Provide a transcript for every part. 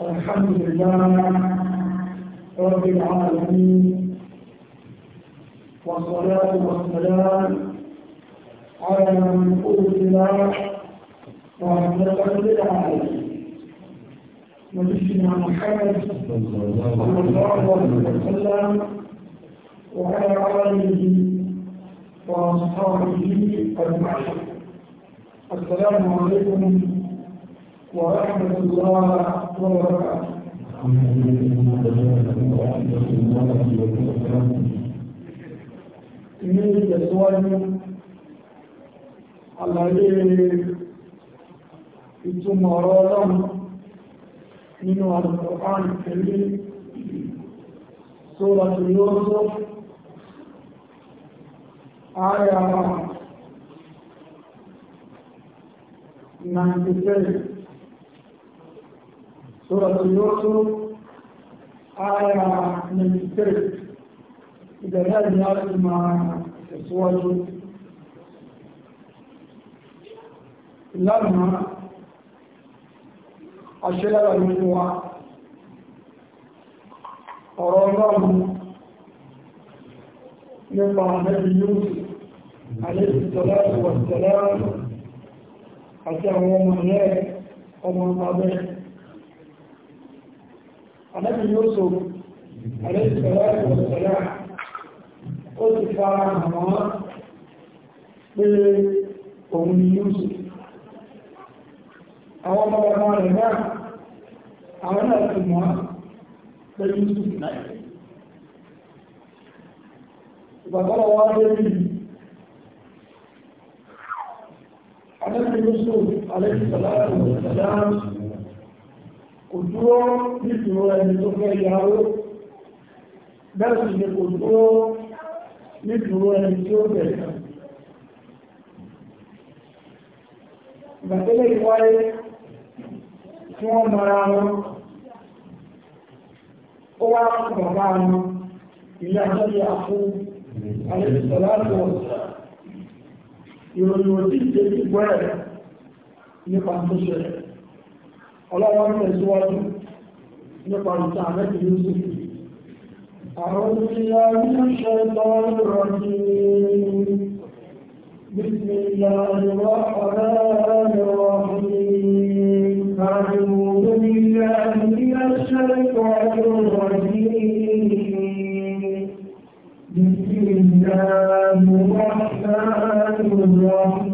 الحمد لله رب العالمين والصلاة والسلام على من أرسل وأحدث للعالمين نبينا محمد صلى الله عليه وسلم وعلى آله وأصحابه أجمعين السلام عليكم ورحمة الله وبركاته ní ìtẹ̀síwájú àlàyé ìtumọ̀ ọ̀rọ̀ ọlọ́run nínú Al-Qur'an pẹ̀lú Suratu Yusuf ààyà 93 سورة يوسف آية من 93 إذا هذه آية ما السواد لما أشلل الجوع أرادهم نبع نبي يوسف عليه الصلاة والسلام حتى هو من هناك ومن قبل ànábì Yúsúf àlẹ́sẹ̀lá ìwọ̀sẹ̀lá ó ti fara àwọn pé òun ni Yúsúf àwọn ọmọ ọmọ rẹ̀ náà àwọn náà ti mọ́ pé Yúsúf náà ìgbàgbọ́nà wọ́n lé rí ànábì Yúsúf àlẹ́sẹ̀lá ìwọ̀sẹ̀lá kò dúró nítorí ẹni tó fẹ́ yàwó bẹ́ẹ̀ sì ni kò dúró nítorí ẹni tí ó bẹ̀rẹ̀ ìgbàtẹ́lẹ̀ ìwáyé tí wọ́n mara wọn ó wá bàbá wọn ilé àjọ́lẹ̀ àfún àlẹ́sọ̀láàtọ̀ ìròyìn òdí ìdébí gbọ́rẹ̀ nípa tó ṣẹlẹ̀ ọlọ́wọ́n tẹ̀síwájú nípa ìta àmẹ́bí Yusuf أعوذ بالله من الشيطان الرجيم بسم الله الرحمن الرحيم أعوذ بالله من الشيطان الرجيم بسم الله الرحمن الرحيم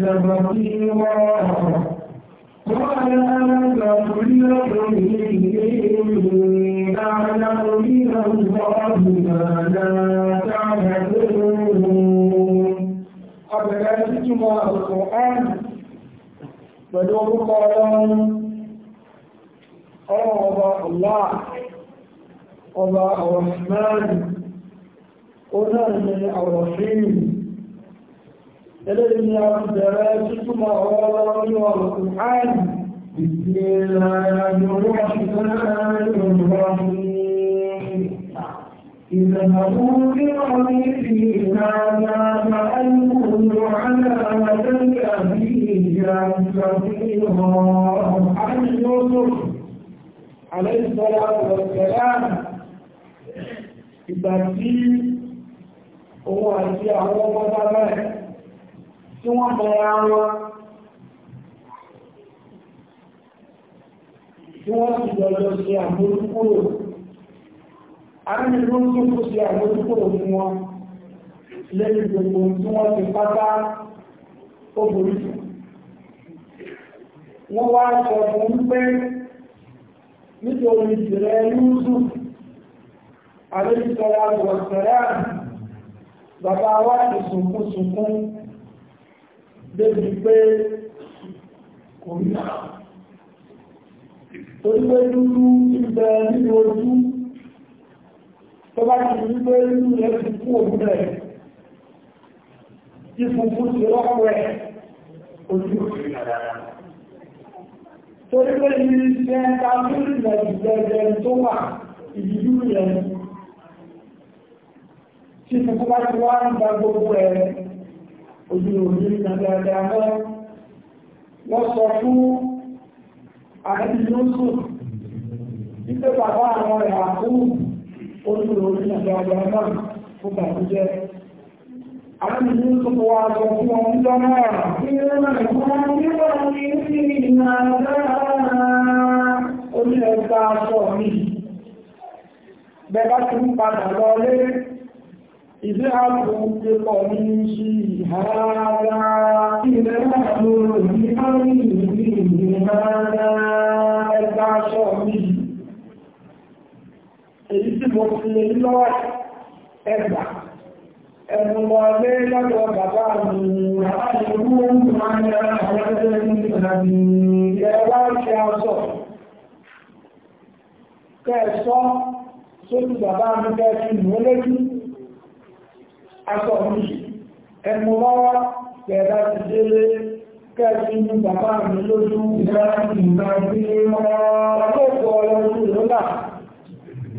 تبصيرا قال ألم أقل لكم إني أعلم من الله ما لا تعلمون أبلغتم القرآن فلو قال ọba Allah ọba Ar-Rahman ó náà ní Ar-Rahim eléyìí ni a ti bẹ̀rẹ̀ títúmọ̀ ọ̀rọ̀ ní ọ̀rọ̀ kùnháàlì إذهبوا بعميدي هذا فألقوه على وجهك فيه كثيرا عن يوسف عليه الصلاة والسلام إذا في هو أتي على وضع tí wọ́n mọ ara wọn tí wọ́n ti lọ́jọ́ ṣe àmójúkúrò arìnrìn ló ń tó ṣe àmójúkúrò fún wọn lẹ́yìn gbogbo tí wọ́n ti pátá ó borí wọ́n wá sọ fún pé nítorí ìṣẹ̀lẹ̀ lúúsù àríṣọ́ra wọ̀sẹ̀rẹ́ bàbá wa ti sunkún sunkún débi pé kò ní àwọn torí pé dúdú ìbẹ̀ nínú ojú tó bá ti rí pé nínú rẹ̀ ti kú òun rẹ̀ tí funfun ti rọ́pọ̀ ẹ̀ ojú torí pé ní iṣẹ́ ká lórí ìrẹ̀jẹ̀ tó wà ìdíjú rẹ̀ tí funfun bá ti wá ń gba gbogbo ẹ̀ ojú òní dáadáa wọ́n sọ fún àwọn rẹ̀ àkúrù ojú òní dáadáa fún bàbújẹ́ àdíjọ́sù wà sọ fún ọmọ ìjọ náà Orí إذ أنطق من شيء هذا إذا أمر بأمره هذا البشر èyí tí mo fi lè lọ ẹgbà ẹ̀mùmọ̀ lé lọ́dọ̀ bàbá mi àìrú ìrànlẹ́ ọ̀rẹ́lẹ́ ìrìnàmì ẹwà aṣọ mi ẹmu lọ́wọ́ kẹ̀dá ti délé kẹ́ẹ̀kí ní bàbá mi lójú ìgbà ìgbà bí wọ́n tó kọ́ ọlọ́jú lọ́dà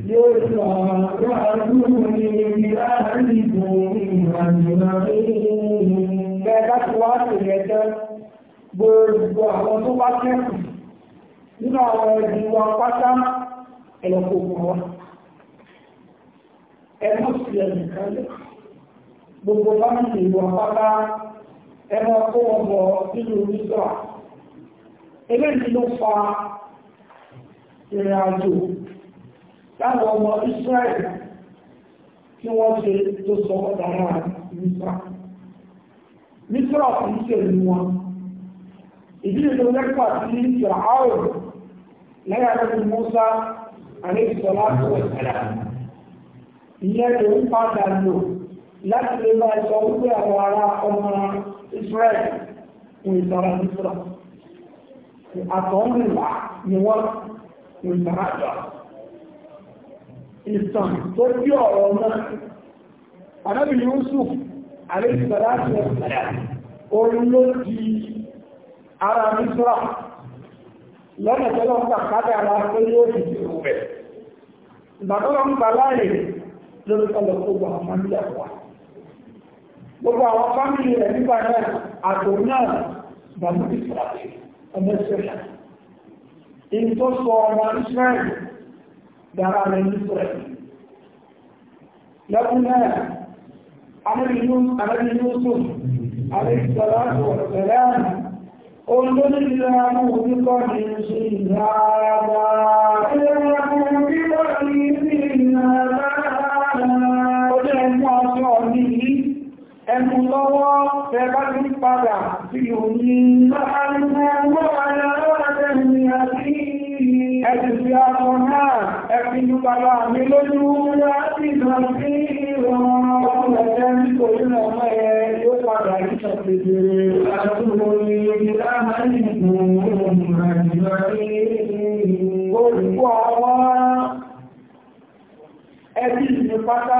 yóò sọ láàrúkú ní láàrínbù ìrìnàjò kẹ́ẹ̀dá ti wá sí ẹ̀jẹ̀ gbogbo àwọn tó bá kẹ́kù nínú àwọn ẹbí pátá ẹ̀lọ́kọ̀ọ̀kan wa ẹ̀mọ́ sí lẹ́kọ̀ọ́ gbogbo fámìlì ìwọ̀n pátá ẹmọ kó wọn bọ̀ nínú nígbà eléyìí ló fa ìrìn àjò láwọn ọmọ Israẹli tí wọ́n ṣe tó sọ ọ̀dára nígbà nígbà kìí ṣe ní wọn ìdí ìlú lẹ́pà sí ìràáwò lẹ́yìn àti Musa àlejò sọlá tó ẹ̀sẹ̀ ìyẹn ló ń padà lò láti lè máa sọ wípé àwọn ará ọmọ Israel ń ìtara nípa àtọ́nìlá ni wọ́n ń ìtara àjọ ìtàn tó bí ọ̀rọ̀ náà anábì Yusuf àlejìbàdá ti ọ̀sẹ̀ orin ló di ara nípa lọ́nà tọ́lọ́ ń pàkádà ara pé yóò di ìrù rẹ̀ ìgbàtọ́lọ́ ń pa láàrin lórí tọ́lọ́ wà máa ń lẹ̀kọ́ gbogbo àwọn fámìlì rẹ̀ nígbà náà àtò náà gbàmú ìsìlẹ̀ ọmọ ìsìlẹ̀ in tó sọ ọmọ ìsìlẹ̀ dára rẹ̀ nísìlẹ̀ lẹ́kùn náà amẹ́rin yóò àríṣàlátò ọ̀sẹ̀lẹ́ olónílẹ̀ àwọn òbíkọ́ ni ṣe ìdáadáa ẹnu lọ́wọ́ ẹgbá ní padà sí òní Ẹ̀sìn fi aṣọ náà ẹ̀fin ní bàbá mi lójú láti ìgbà sí ìrọ̀rùn ọmọ ẹ̀jẹ́ nítorí ọmọ ẹ̀ yóò padà ìṣọ̀ pèsèrè àtúrò ní ìlànà ìgbò ohun àjíwá ní olùkọ́ àwọn ẹbí ìpátá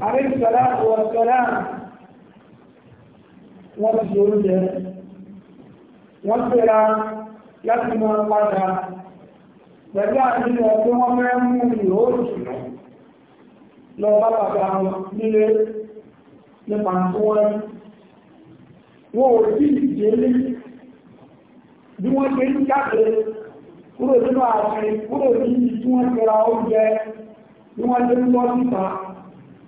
عليه الصلاة والسلام wọ́n ti oúnjẹ wọ́n tẹ́ra láti mọ́ padà pẹ̀lú àdínlẹ̀ tí wọ́n fẹ́ mú ìró òjìnà lọ bá bàbá wọn nílé nípa tí wọ́n rí wọ́n ò sí ìdílé bí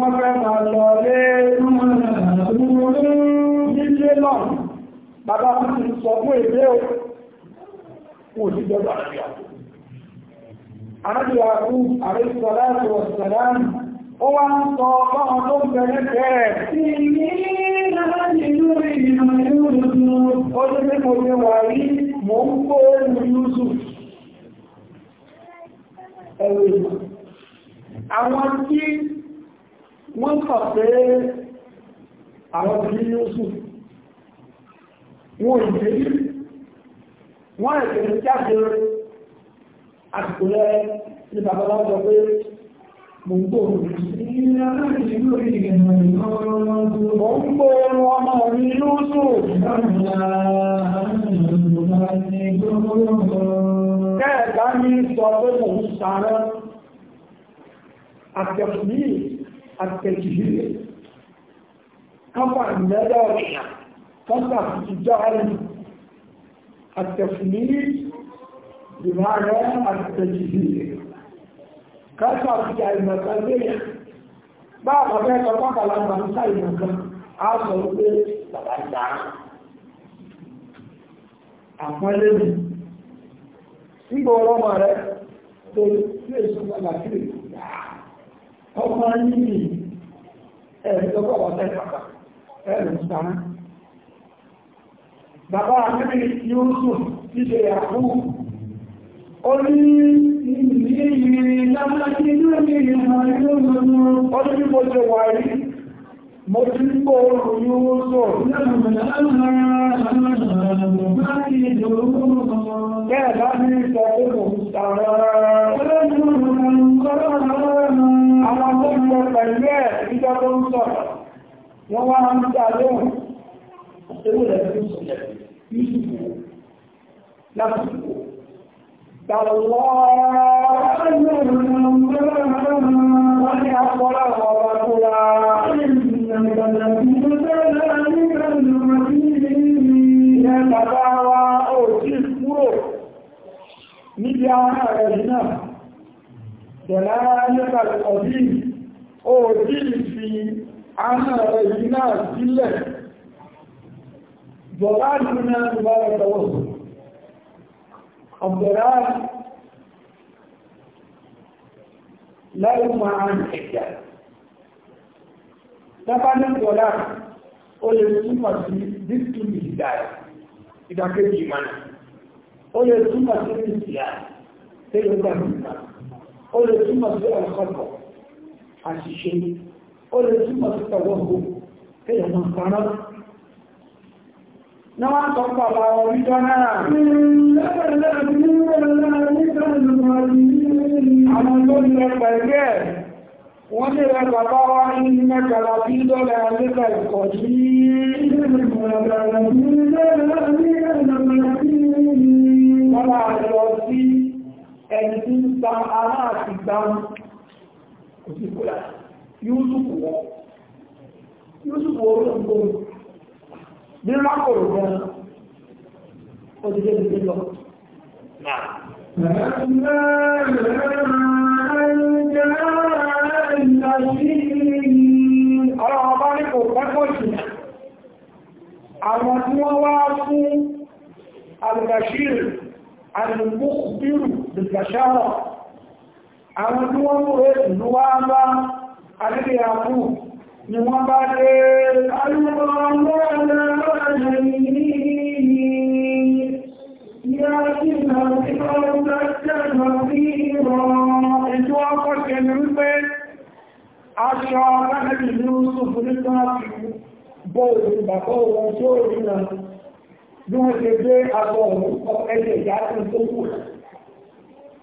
wọ́n fẹ́ máa na lé ti sọ fún èdè o kò sí jọba àrábìwà fún àrísọ̀lá ìwọ̀sọ̀lá ó wá ń sọ tó ń bẹ̀rẹ̀ bẹ̀rẹ̀ sí ní ìrìnà wọ́n kà pé àwọn tí ní oṣù wọ́n ìgbé wọ́n ẹ̀kẹ́ ní jáde àsìkò rẹ̀ ní bàbá bá sọ pé mo ń gbòòrò mo ń gbòòrò ọmọ mi lóṣù kẹ́ẹ̀ká ní sọ pé mo ń sàárẹ́ àtẹ̀kùnrin التجهيل كفى المدارس كفى التجاري التفنيد بمعنى التجهيل كفى في المكان بعض ذلك فقط لما نسأل المكان عصر به تبعنا أقول لي سيبوا رمى رأي تقول لي سيبوا رمى رأي ọmọ yìí ẹ̀rí lọ́gbọ̀ ọ̀tẹ́ pàtà ẹ̀rùn sàmá bàbá akẹ́bìnrin tí ó sùn síse àkú ó ní ilé ìrìn lámàkí inú ẹ̀mí ìrìnà inú ọmọ ọdún bí mo ṣe wà rí mo ti ń kó oòrùn ní owó sọ Bẹ́ẹ̀ bá ní ìṣẹ́ tó mọ̀ sàárá. Ọlọ́run lọ pẹ̀lú ẹ̀ nígbà tó ń sọ wọ́n wá ń dá lóhùn níbi àwọn ààrẹ̀ náà, Bọ̀lá nípa ọdún ó dí ìfi àánà rẹ̀ yìí náà sílẹ̀ bọ̀lá nínú ìbára tọwọ́ ọ̀bẹ̀rá lẹ́yìn máa ń ẹ̀yà lábá ní bọ̀lá ó lè túmọ̀ sí dìtúmì ìdáyà ìdákéjì ìmánà ó lè túmọ̀ sí ìsìyà tí ó gbà ó lè túmọ̀ sí ọ̀kọ̀kọ̀ àṣìṣe ó lè túmọ̀ sí pẹ̀lú ọ̀gbọ̀ kéèyàn máa paná náà wọ́n sọ pọ̀ bá wọn wíjọ náà àwọn tó ń lọ pẹ̀lú ẹ̀ wọ́n lè rẹ̀ bàbá wá ní mẹ́kàlá bí dọ́là lẹ́kà ìkọ̀ sí wọ́n láàrín lọ sí ẹni tí ń ta aláàtìgbàmù kò sí kó láti yúúsùfù wọn yúúsùfù olóńgbò ní rákòrò gan ó ti dé ti lọ. àwọn tí wọ́n wá fún al-Bashir al àwọn tí wọ́n mú èsìlú wá bá àdídì àkú ni wọ́n bá dé Aṣọ ọ̀rẹ́lẹ́bì ní Ṣùfù ní Tọ́nàtì bóòrò ìgbàkọ́ ohun tí ó rí náà bí wọ́n ṣe gbé agbọ̀ ọ̀rọ̀ ẹgbẹ̀ ìyá tó tó kù rẹ̀.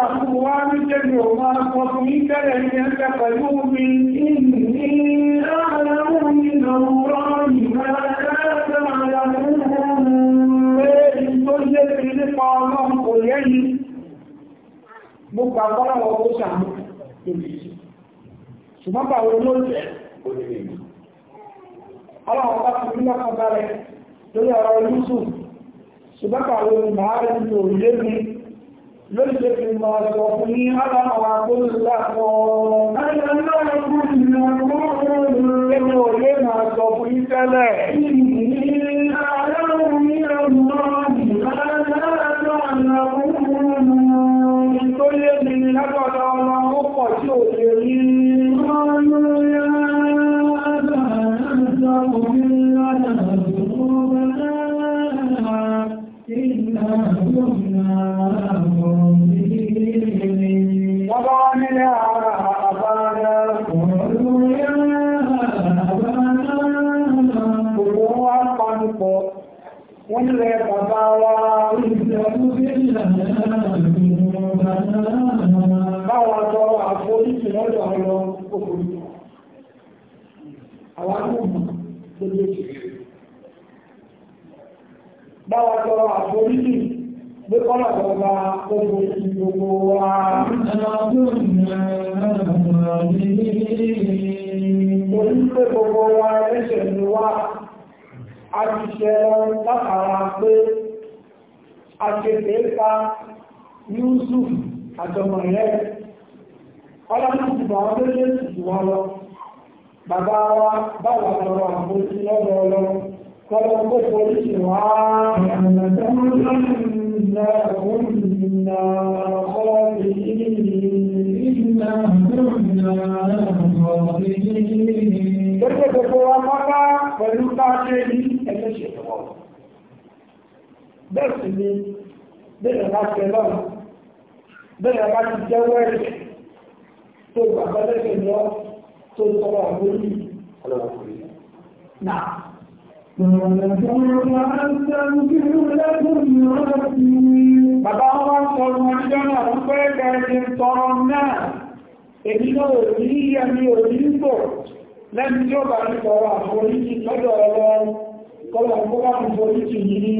padà fún jẹ́ mi ò máa sọ fún ní tẹ́lẹ̀ ní ẹgbẹ́ pẹ̀lú mi ní ààrùn nínú rọrùn ṣùgbọ́n bá wọn ló jẹ́ orílẹ̀-èdè ọlọ́run bá ti rí lọ́kàn bá rẹ̀ lórí ọ̀rọ̀ olúsùn ṣùgbọ́n bá wọn máa rẹ̀ ní orílẹ̀ lóṣèlú ti mọ̀ ọ̀sọ̀ fún ní aláwọ̀ agbóhùnlápọ̀ ẹni òye máa sọ fún ní tẹ́lẹ̀ Ìtòlé mi ni lágbàdá ọmọ ó pọ̀ tí ò lè rí àforíjì pé kọ́nà gbọ́gbà gbogbo ìgbogbo wa. Orí pé gbogbo wa ẹ̀ṣẹ̀ ni wá, a ti ṣe látara pé a ṣe pèéta Yusuf àjọmọ̀ rẹ̀. Ọlọ́pàá ti bàwọn méjèèjì wá lọ. Bàbá wa báwọn àtọrọ àforíjì lọ́dọ̀ ọlọ́run kọ́lọ̀ kó forí sí wá Gẹ́gẹ́ gbogbo bá ti jẹ́wọ́ tó gbàgbẹ́lẹ́ṣẹ̀ lọ tó tọrọ àgbórí. Ọlọ́run kò rí. Náà. Bàbá wọn sọ ọmọ ọjọ́ náà ń pẹ́ kẹrin tọrọ náà, èyí náà ò ní yíya ní òní pò lẹ́bí tí ó bá ní tọrọ àforíjì lọ́dọ̀ ọ̀rọ̀ kọlọ̀ kó bá fi foríjì yìí.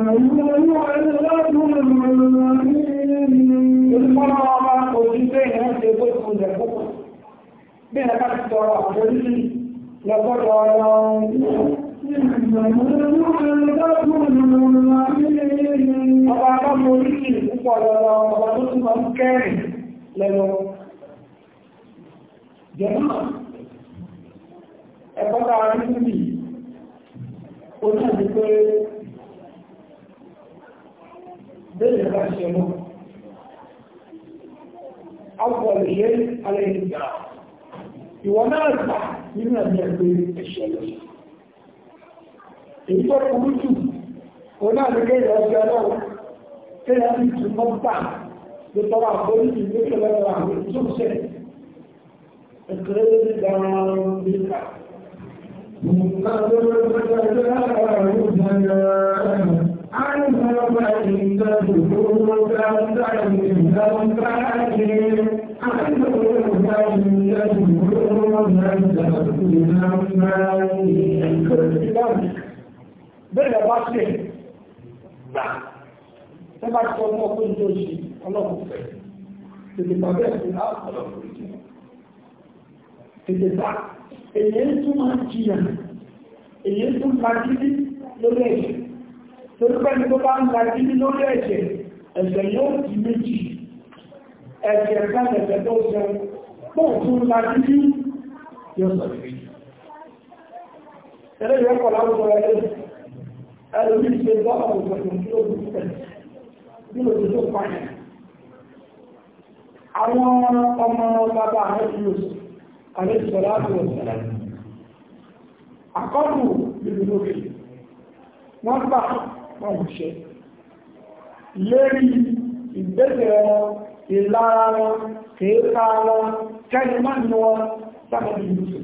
Olúkọ́lọ́ ọmọ òjíṣẹ́ ìrántí ẹgbẹ́ ìfúnjẹ púpọ̀. Bí ẹ̀ká ti tọrọ àforíjì lọ́gọ́dọ̀ ọ̀rọ̀ Ọba ìwọ̀n náà gbà nínú ẹ̀mí ẹgbẹ́ ìṣẹ́lẹ̀ èyí tó kúrú jù òun náà ní kéèyàn ọjọ́ náà kéèyàn ti tù mọ́ gbà ló tọrọ àforíjì ní ìṣẹ̀lẹ̀ ọ̀rọ̀ àwọn ìtúnṣe ìkéré ní gan-an ní ìgbà. Thank you bẹ́ẹ̀ bá sílẹ̀ gbà tẹ́ bá ti ọmọ ọkọ̀ ní oṣù ọlọ́run fẹ́ tètè bá bẹ́ẹ̀ sí ọlọ́run tètè bá èyí tó máa jìyà èyí tó lagídí lórí ẹ̀ṣẹ̀ torí pẹ́ni tó bá ń lagídí lórí ẹ̀ṣẹ̀ ẹ̀ṣẹ̀ yóò di méjì ẹ̀ṣẹ̀ kan ẹ̀ṣẹ̀ tó ṣe pọ̀ tó lagídí yóò sọ̀rọ̀ méjì. Ẹlẹ́yìn ọkọ̀ láwùjọ ẹlẹ́yìn ẹlòmí ṣe lọ́wọ́ òṣèlú tí ó bú pẹ̀lú bí o ti tó pààyàn àwọn ọmọ bàbá àrẹ́sìlòsì àrẹ́sìlòsì àrẹ́sìlòsì àkọ́kù nínú lókè wọ́n gbà wọ́n mú ṣe lérí ìgbésẹ̀ wọn ìlara wọn kéèkà wọn kẹ́ni máa ń wọn sábà nínú lókè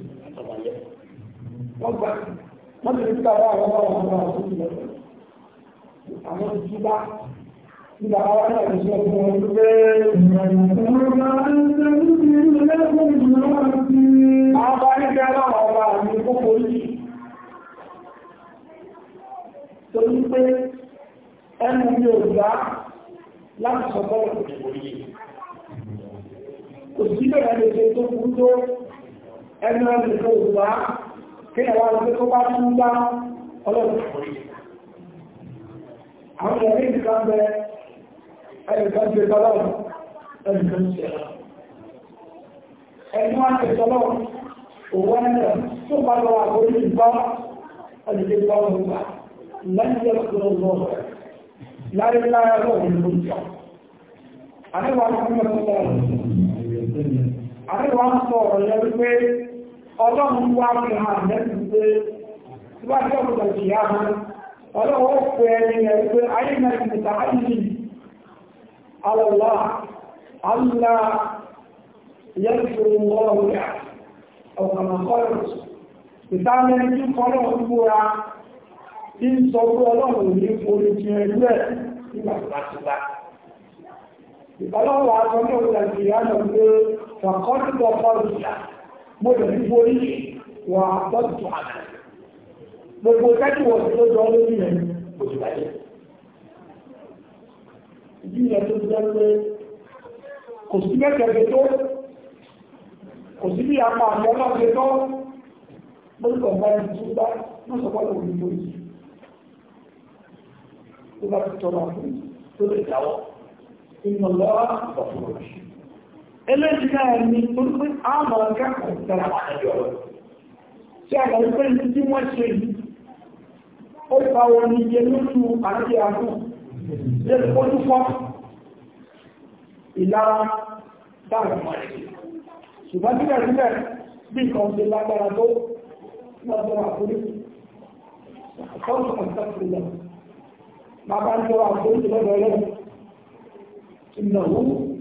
wọ́n gbà wọ́n ti fi bàbá àwọn ọmọ ọmọ ọmọ ọmọ ìlú àwọn ti bá ní bàbá wọn náà ti sọ fún wọn pé ọmọ ọmọ nígbà láwọn ọba àmì kókó yìí torí pé ẹnu mi ò gbá láti sọ bọ́ọ̀lù kòkòrò yìí kò sí bẹ̀rẹ̀ lè ṣe tó kú tó ẹnu ẹnu ìfẹ́ òṣùpá kí ẹ̀rọ ọdún tó bá tún dá ọlọ́dún àwọn ẹ̀rí nǹkan bẹ ẹnìkan ṣe tọ́lọ́run ẹnìkan ṣe ẹni wọ́n ṣe tọ́lọ́run òwú ẹ̀rọ tó bá lọ àgbórí ìgbà ẹnìkan bá wọn gbà lẹ́yìn tó lọ lọ́wọ́ láyé láyé lọ́wọ́ ìlú ìjọ àríwá ń sọ ọ̀rọ̀ yẹn wípé ọlọ́run wá fi hàn lẹ́sìn pé síwájú ọ̀pọ̀lọpọ̀ ìyá wọn ọlọ́run ó fẹ́ ẹni ẹ̀rí pé ayé mẹ́rin níta ayé àwọ̀lá àlá yẹ́sùn ọlọ́run rẹ̀ ọ̀kànà kọ́rọ̀ ìtàlẹ́ ní kọ́rọ̀ gbúra tí ń sọ pé ọlọ́run ní orí ti ẹ̀rú ẹ̀ nígbà pàtàkì àtọ́jọ́ ìrìnàjò ìyá lọ pé fàkọ́dúgbọ̀ kọ́rọ̀ ìyá mo lè ní borí wà bọ́ọ̀dù tó àná gbogbo kájú wọ̀ tó jọ lórí rẹ̀ kò sì bàjẹ́ ìdí ìyẹn tó jẹ́ pé kò sí mẹ́kẹ̀ẹ́gẹ́ tó kò sí bí apá àmọ́ náà ṣe tọ́ lórúkọ bá ní tó bá wọ́n sọ pọ́lọ̀ òní lórí tó bá ti tọrọ àfúrí tó lè dáwọ́ inú lọ́wọ́ ọ̀fọ̀rọ̀ ẹlẹ́jìká ẹni tó pé àmàrà kẹ́kọ̀ọ́ tẹ́lá àjọ tí a kàrí pé ní tí wọ́n ṣe yìí ó pa wọn ní iye lóṣù àti àkùn lè fojú fọ́ ìlara dáàbò ṣùgbọ́n síbẹ̀síbẹ̀ bí nǹkan ṣe lágbára tó lọ́dọ̀ àkórí ọ̀sán àti ìlọ bàbá ń lọ àkórí lọ́dọ̀ ọlọ́run ìnáwó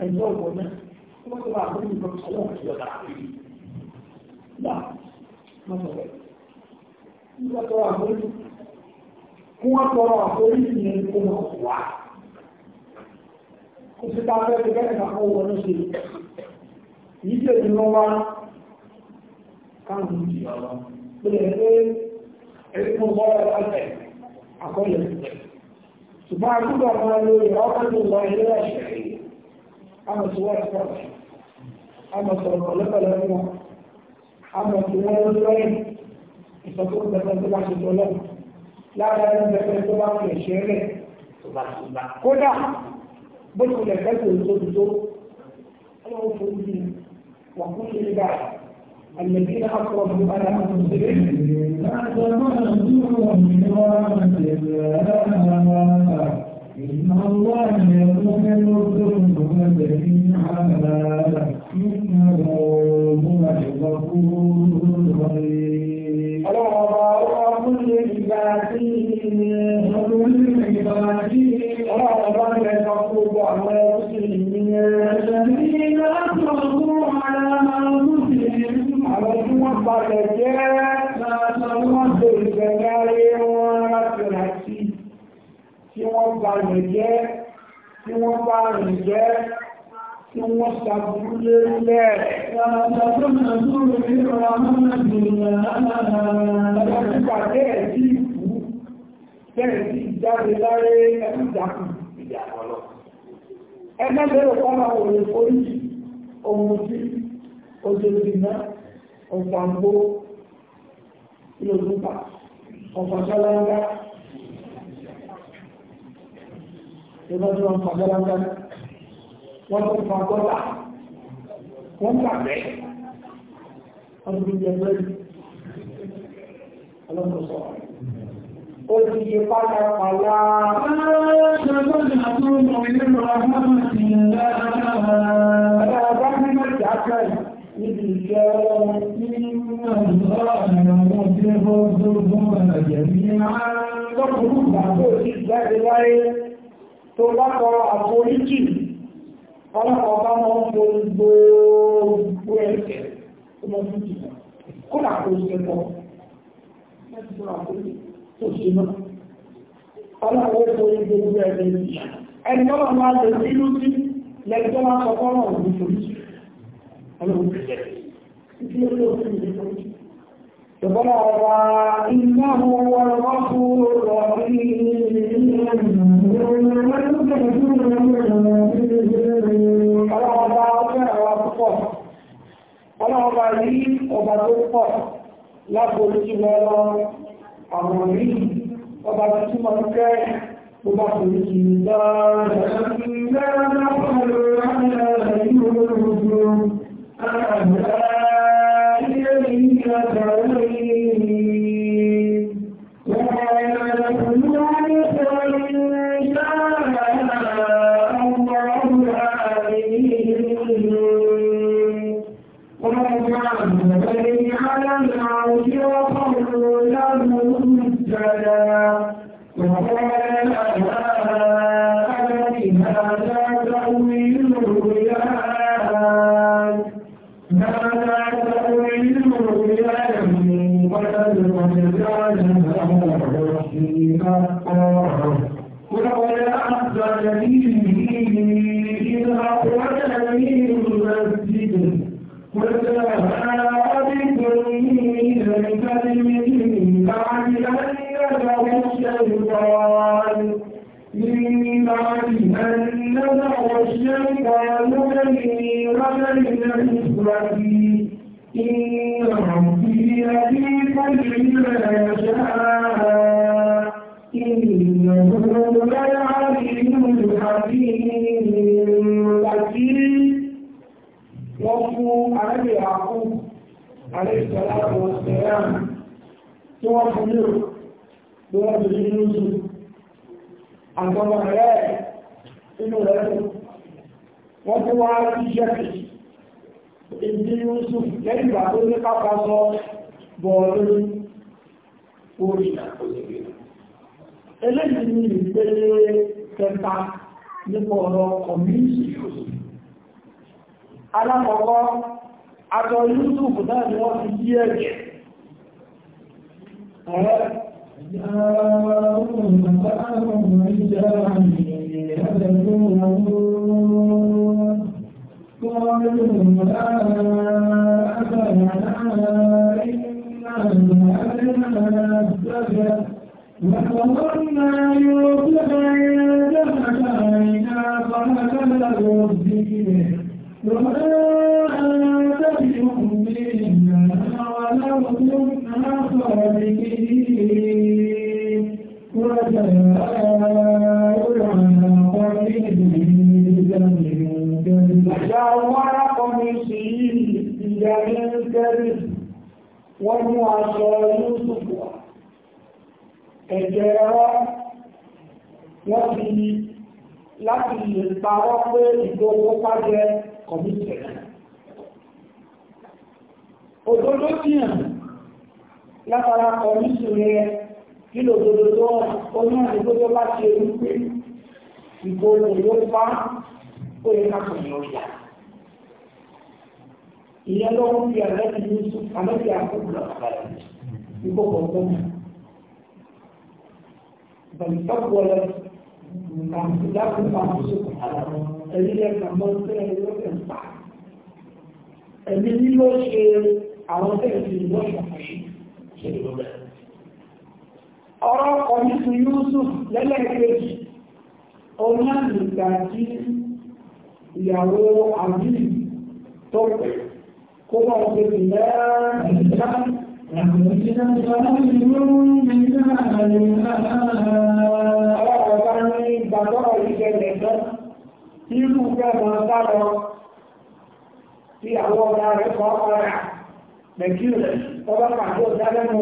ẹ̀yìn ọ̀gbọ̀n náà wọ́n tó bá àbúrò ìbọn ọlọ́run ti ọ̀dà àbúrò gbà wọ́n sọ bẹ́ẹ̀. nígbà tó wà lórí kí wọ́n tọrọ àforí ìyẹn kó wọn wá. kò sí ta fẹ́ ti bẹ́ẹ̀ ká owó wọn ṣe yìí tẹ̀ ní wọ́n wá káwọn ìdí ọ̀rọ̀ pé ẹ̀ pé ẹ̀rí mo sọ ọ́ ọ̀tẹ̀ àkọọ́lẹ̀ ṣùgbọ́n àgbúgbà máa lo ìrọ́pẹ́ tó lọ ilé ẹ̀ṣẹ̀ àmọ̀ tí wọ́n pọ̀ àmọ̀ sọ̀rọ̀ lọ́pẹ̀lẹ́ wọn àmọ̀ tí wọ́n lọ lọ́yìn ìsọ̀tún bẹ̀rẹ̀ tó bá ṣe tó lọ́wọ́ lára ẹni bẹ̀rẹ̀ tó bá fi ẹ̀ṣẹ̀ rẹ̀ kódà bó ti lẹ̀ fẹ́sẹ̀ lóṣooṣù tó ọlọ́wọ́ fún mi wà kú sí nígbà الذين أقربوا على أنفسهم ما تمنوا من رحمة الله إن الله يغفر الذنوب جميعا إنه هو الغفور الرحيم. الله أكبر rìn jẹ́ tí wọ́n bá rìn jẹ́ tí wọ́n ṣàbúrú lórílẹ̀ Ẹgbẹ́ bẹ̀rẹ̀ fọ́nà òun orí ohun tí ojúlùmí ọ̀pàgbó ìlòdúpa ọ̀pàṣọ́lọ́gbá ìbọn tí wọ́n fàgbẹ́ lágbẹ́ wọ́n tó fa gọ́ta wọ́n gbàgbẹ́ wọ́n tó ọlọ́pọ̀sọ̀ ó ti yẹ pátápàlá Níbi ìjọ nínú ọ̀rọ̀ àwọn tí ó gbogbo ọ̀rọ̀ jẹ̀mí máa ń lọ́pùrù bàbá òṣìṣẹ́ ìwáyé tó bá tọrọ àforíjì ọlọ́pàá bá mọ́ ń borí gbogbo ẹ̀kẹ́ tó mọ́ fún jìnà kó là kó ṣe mọ́ láti tọrọ àforíjì tó ṣe mọ́ ọlọ́pàá ó borí gbogbo ẹ̀kẹ́ ẹni tọ́lọ̀ máa lè rí lójú lẹ́yìn tó máa sọ fọ́nà òun foríjì ọlọ́pàá ó jẹ́ ìdílé tó fi ìdílé Ìbọ́lá ọ̀rọ̀ ìnáwó ọ̀rọ̀ ọ̀fún ọ̀rọ̀ ìrìnlẹ̀ Ọlọ́ọba ọjọ́ ẹ̀wà púpọ̀. Ọlọ́ọba yìí ọba tó pọ̀ láti olójúmọ́ lọ àwọn orí ọba tó túnmọ̀ ń kẹ́ gbogbo àpòlùkì dáadáa. tí wọ́n fún ní bí wọ́n ti rí lóṣù àtọ́mọ̀ rẹ̀ inú rẹ̀ wọ́n tó wá rí jẹ́kì ìdí lóṣù lẹ́yìn ìgbà tó ní pápá sọ bọ̀ọ̀lú orí eléyìí ní ìpele kẹta nípa ọ̀rọ̀ kọ̀míṣì alákọ̀ọ́kọ́ àjọ yusuf náà ni wọ́n ti yí ẹ̀jẹ̀ وما أنت بمؤمن ربكم خالقين وجاءوا على قريبهم بذنب كذب قميصه بدم كذب وهو عصا يوسف ẹ̀jẹ̀ ẹ̀rọ wọ́n ti láti lè parọ́ pé ìgbòho pàjẹ́ kọ̀míṣẹ̀ òdodo jìyàn látara kọmíṣù rẹ̀ kí lòdodo tó oní àdúgbò tó bá ṣe ń pè ìbò òyìnbó pa ó yẹ ká kùnrin ọjà ìyẹn ló ń fi àlẹ́bí yusuf àlẹ́bí àkókò lọ́kàlẹ̀ ìbò kọ̀ọ̀kan bẹ̀rẹ̀ Ìdákùn pàtó sókè àlàmọ́, ẹ̀rí lẹ́gbàmọ́ tẹ́lẹ̀ lọ́kẹ̀ ń pa. Ẹ̀mí ní ló ṣe àwọn tẹ́lẹ̀ ti lọ ìpàdé ṣe lọ bẹ̀rẹ̀ ọ̀rọ̀ kọ̀mísù Yusuf lẹ́lẹ́kẹ́jì ọmọ ìgbà tí ìyàwó àbí tó pẹ̀ kó wọ́n ṣe ti lẹ́rẹ̀ Irú fẹ́ mọ̀ sálọ tí àwọn ọ̀dá rẹ̀ kọ́ ọ̀rẹ́ nàìjíríà ọba pàdé ọ̀dá lẹ́nu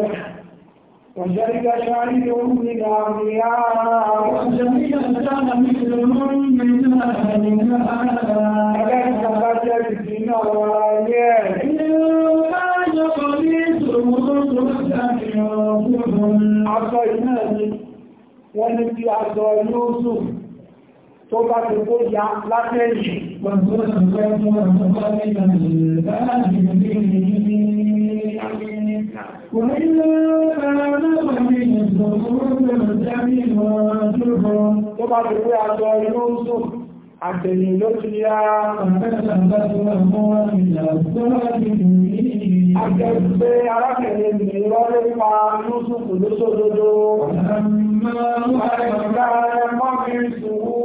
وجعل شعيرهم من أغنياء وجعل الجنة مثلهم من أهلها فليس بدل الدين والعيال إلا يقليسهم رسلا ينفذهم عصيناه ونبي عصى يوسف tó bá ti kó ya látẹ́yìn. Wọ́n tó ń sọ fẹ́ fún ọ̀sán fún ọ̀sán ìgbàlódé láti ìgbàlódé Tó bá ti rí aṣọ inú ń sùn, àtẹ̀yìn ló ti yá Àjẹ́gbé arákẹ̀yìn ìrọ́ nípa lóṣùkù lóṣòdodo. Àmọ́ àwọn ẹ̀gbẹ́ ẹ̀mọ́ fi ṣùgbọ́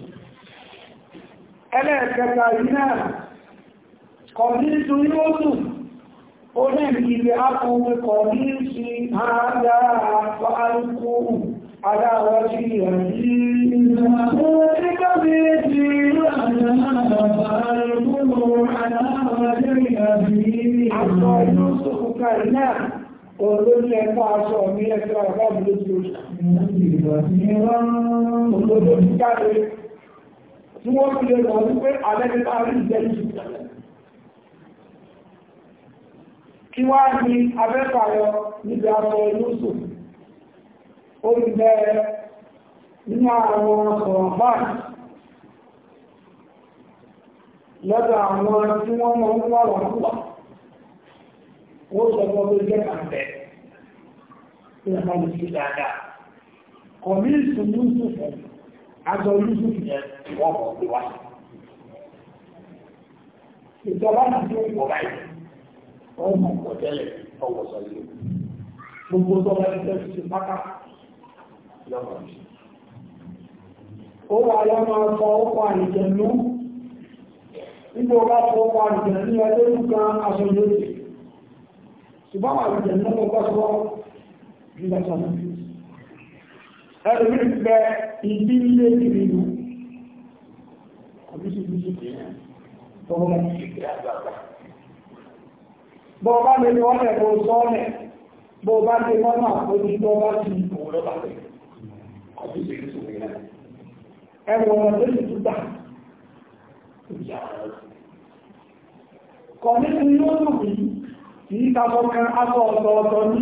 ẹlẹ́ẹ̀kẹta iná kọ̀dínsù yóòtù ó ní ìgbìlẹ̀ ápùnrin kọ̀dínsù àádá àpáàlùkù aláwọ̀ sí ẹ̀rí Olórí ẹ̀kọ́ aṣọ mi ẹ̀kọ́ àgbàbùlójú òṣìṣẹ́. Olórí jáde tí wọ́n fi lè lọ wípé alẹ́gbẹ́ta rí ìjẹ́ ìjù kí wá ní abẹ́fàyọ níbi aṣọ lóṣù ó ti bẹ̀rẹ̀ nínú àwọn sọ̀rọ̀ báyìí lọ́dọ̀ àwọn tí wọ́n mọ̀ ń wà wọ́n wà wọ́n sọ fún ọdún jẹ́ kàǹtẹ̀ tí wọ́n mọ̀ ní sí dáadáa kọ̀ ní ìsùn lóṣù aṣọ olúṣù yẹn wọ́n mọ̀ sí wa. ìjọba náà ti wọ̀ báyìí wọ́n mọ̀ pọ̀ tẹ́lẹ̀ ọwọ́ sọ yìí gbogbo tọ́lá ti tẹ́ ṣe pátá lọ́wọ́ mi. ó wà lọ́mọ ọkọ̀ ọkọ̀ àìjẹ̀ ló nígbà ọba ọkọ̀ àìjẹ̀ ní ẹgbẹ́ nǹkan aṣọ yóò ṣùgbọ́n àìjẹ̀ lọ́mọ ọkọ̀ sọ nígbà sọ́nà ẹ̀rùn ìgbẹ́ ìdí ilé ìrìnú bọ́ bá lè ní ọ́nà ẹ̀kọ́ sọ́ọ̀nẹ̀ bọ́ bá lè mọ́nà àpójútọ́ bá ti òwúrọ́bà ẹwọ̀n ọ̀dọ́ ìtúgbà kọ̀mí ni yóò lù rí kìí tàbọ̀kan aṣọ ọ̀tọ̀ọ̀tọ̀ ní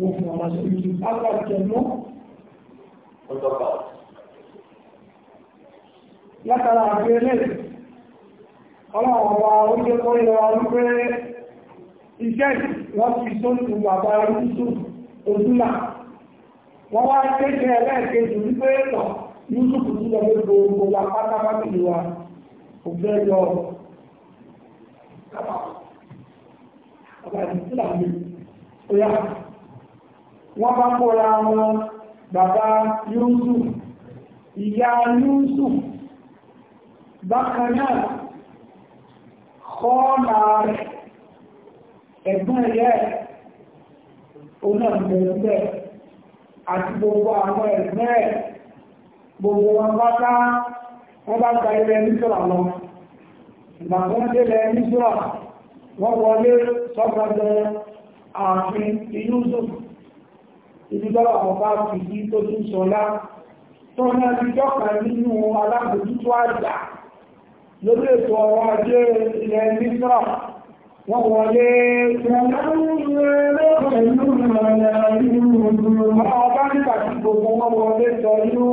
wọ́n fún ọmọ sí ìlú agbájẹ náà ọjọ́pá látara àgbẹ̀lẹ̀ ọlọ́wọ̀n wa oúnjẹ kọ́ ìlọ́wà wípé iṣẹ́ wọ́n fi sóòtù bàbá wọ́n wá kéèkéè ẹlẹ́ẹ̀kejì wípé ẹ̀tọ̀ yúsùkù tí lọ gbogbo wa pátápátá ìwà òfẹ́ yọ ọ̀pá mi wọ́n bá kóra wọn bàbá Yusuf ìyá Yusuf bákan náà kọ́ọ̀nà rẹ̀ ẹ̀gbọ́n rẹ̀ ọ̀nà ìbẹ̀rẹ̀ àti gbogbo àwọn ẹ̀gbọ́n rẹ̀ gbogbo wọn bá ká wọ́n bá gba ilẹ̀ nísọ́rà lọ ìgbàgbọ́n délẹ̀ nísọ́rà wọ́n wọlé sọ́gbàgbọ́ ààfin Yusuf ibi lọ́wọ́ àwọn bá fi sí tó tún sọlá tó ní àtijọ́ kan nínú alábòjútó àjà lórí ètò ọrọ̀ ajé ilẹ̀ Mísírà wọ́n wọlé ọba ní pàtí gbogbo wọn wọlé sọ inú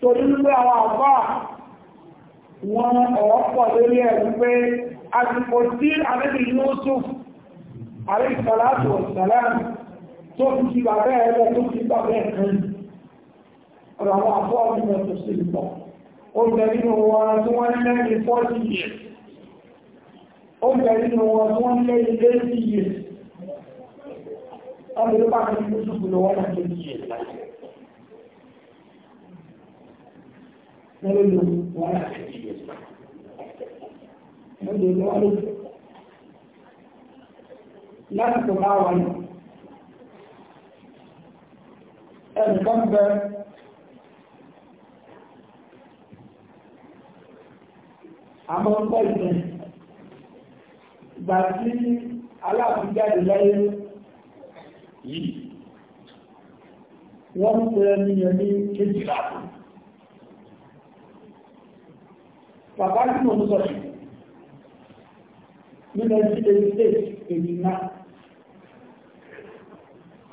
torí wípé àwọn àbá wọn ọ̀pọ̀ lórí ẹ̀ wípé àsìkò tí àrẹ́bì Yusuf àrẹ́sàlátù ọ̀sàlám tó fi ti bàbẹ́ ẹ̀rẹ́ tó fi bàbẹ́ ẹ̀kan ọ̀rọ̀ àwọn àbọ̀ nínú ẹ̀tọ́ sí ìpọ̀ ó bẹ̀ nínú wọn tí wọ́n ní lẹ́yìn fọ́ọ̀tì yẹ ó bẹ̀ nínú wọn tí wọ́n ní lẹ́yìn lẹ́yìn yẹ ọmọdé bá fi Yusuf lọ́wọ́ náà lẹ́yìn yẹ láti wọ́n ló lo wọ́n rà wọ́n lè lọ́wọ́ ló lásìkò bá wà ní ẹnìkan bẹ àmọ́ pẹ́ ìtẹ̀ ìgbà tí aláàbíjáde láyé yìí wọ́n ń pẹ́ ẹni yẹn kéjìlá bàbá tí mo ń sọ yìí nínú ẹjí lè ṣe èyí náà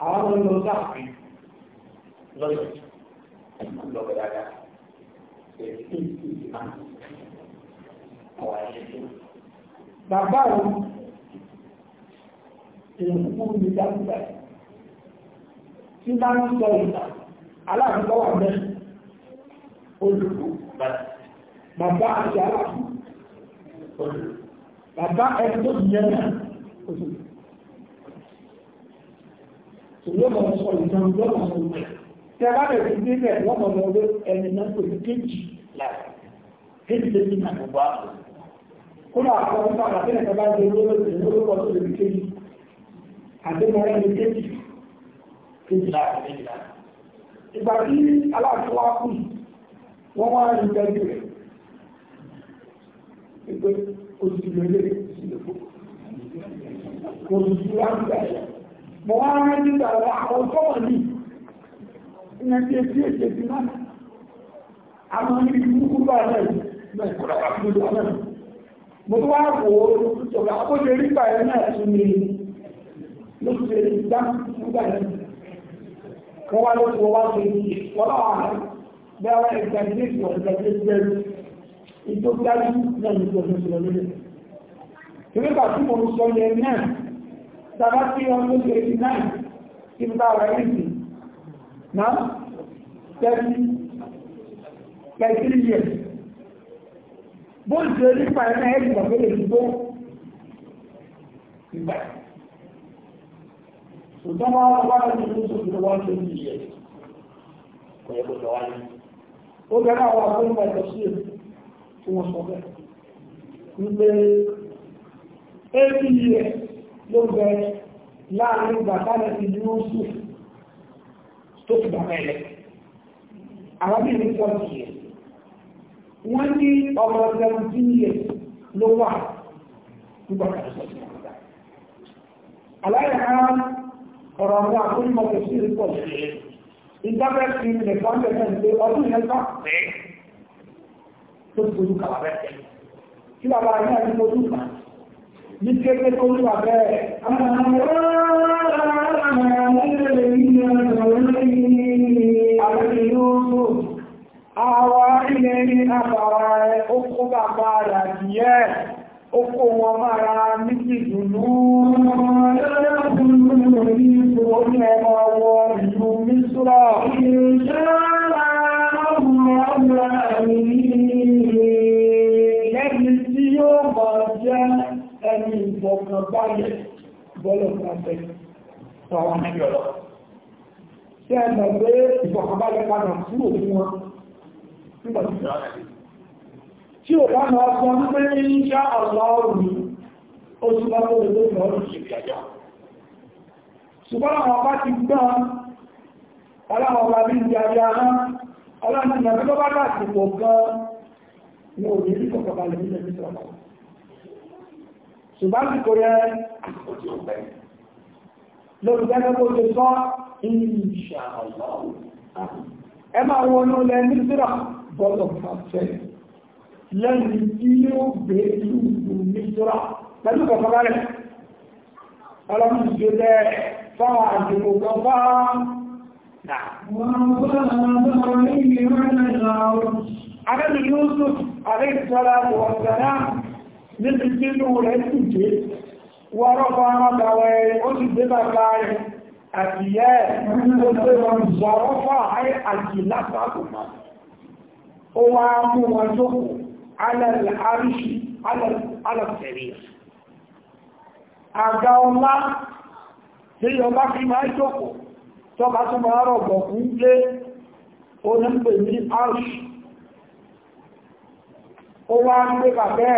àwọn ọmọ ìlú sáàfin lọ́yọ̀ lọ́gbẹ̀ dáadáa èyí tí ń sì ti máa àwọn ẹ̀ṣẹ̀ tó. bàbá rẹ̀ èèyàn fún mi dákúgbà tí bá ń sọ ìgbà aláàbíkọ́ wà bẹ́ẹ̀ olùkú bẹ́ẹ̀ bàbá àti aláàbò bàbá ẹni tó yẹ náà oṣù tòló mọ̀ sọ ìtàn lọ́wọ́ sọ ìtàn tẹ bá bẹ̀rẹ̀ sí nílẹ̀ lọ́mọ lọ wé ẹni náà pè ní kéjì láì kéjì lè ní àgbà kúrò àkọ́ nípa àti ẹ̀ka bá gbé lórí ìlú lọ́wọ́ tó lè kéjì àdémọ́rẹ́ ní kéjì kéjì láì kéjì láì ìgbà tí aláàfin wá kù wọ́n wá ń tẹ́jú rẹ̀ pé òṣìṣẹ́ ilé ìṣẹ̀lẹ̀ fún òṣìṣẹ́ láńgbà ẹ̀ mọ̀ wá rán nígbà rẹ̀ àwọn tọ́wọ̀ ní ìyẹn tí èsì èsì ti náà àwọn ní ìlú bá rẹ̀ mo tó wá wò ó sọ̀rọ̀ àkójọ nígbà ẹ̀ náà tún ní ló ṣe ìdá nígbà ẹ̀ wọ́n wá lọ́wọ́ wá ṣe ìṣọ́lá ààrẹ bẹ́ẹ̀ wá ìgbàgbé ìgbàgbé bẹ́ẹ̀ ìtòkí dájú náà ní ọdún sílẹ̀ lórí ìrìnkà tí mo sọ yẹ náà tàbá tí wọ́n tó ṣe ti náà tí mo bá rẹ̀ nìtì náà tẹ́sí pẹ̀sírí yẹ bó ń ṣe nípa ẹ̀ka ẹ̀rì ìgbàgbé lè dúró ìgbà ṣùgbọ́n wọn wá lọ́wọ́ ní oṣù tó wọ́n tó ní ìyẹ kò yẹ kó lọ́wọ́ ní ó bẹ̀rẹ̀ àwọn akóńgbà ìtọ́sí tí wọ́n sọ bẹ́ẹ̀ wípé eighty years ló bẹ láàrin gbàtàlẹ̀ ti ní oṣù tó ti bàbá ẹ̀lẹ̀ àwọn bí ní forty years wọ́n ní ọmọ seventeen years ló wà nígbà kan sọ sí ọ̀gá aláìyá ọ̀rọ̀ àwọn akóyìnbó kò sí rí pọ̀ sí ìdábẹ́ sí ilẹ̀ kan bẹ̀rẹ̀ pé ọdún yẹn pẹ́ tó ti fojú kàwà bẹ́ẹ̀ kí bàbá rẹ̀ náà ti kà ní kéèké tó ti wà bẹ́ẹ̀ tí ò bá máa sọ wípé ní ṣá àwọn ọrùn ó sì bá tó lè lọ́rùn sí ìyàjá ṣùgbọ́n àwọn bá ti gbọ́n aláwọ̀ bá bí ìyàjá rán ọlọ́run tó bá láti pọ̀ gan ní ní kọ̀kọ̀balẹ̀ nílẹ̀ bọ́lọ̀ bá fẹ́ lẹ́nu tí yóò gbé ìlú nítorá pẹ̀lú kọ̀kọ́rọ́ rẹ̀ ọlọ́run ti bẹ́ fáwọn àjòkò kan bá Adẹ́bì Yusuf, àrẹ ìtọ́lá wọ̀sẹ̀lá níbi tínú rẹ̀ sì jẹ́, wọ́n rọ́pọ̀ ọmọdàwẹ̀ ó ti gbé bàbá rẹ̀ àti yẹ́ ó gbé wọn zọ̀rọ̀fà àti látàkùnmọ́ ó wá mú wọn jókòó alẹ́lẹ̀ àríṣì alẹ́sẹ̀rí àga ọlá tí ọba fi máa jókòó tọba tó máa rọ̀gbọ̀ fún lé onípe ní àríṣì ó wá ń gbé bàbẹ́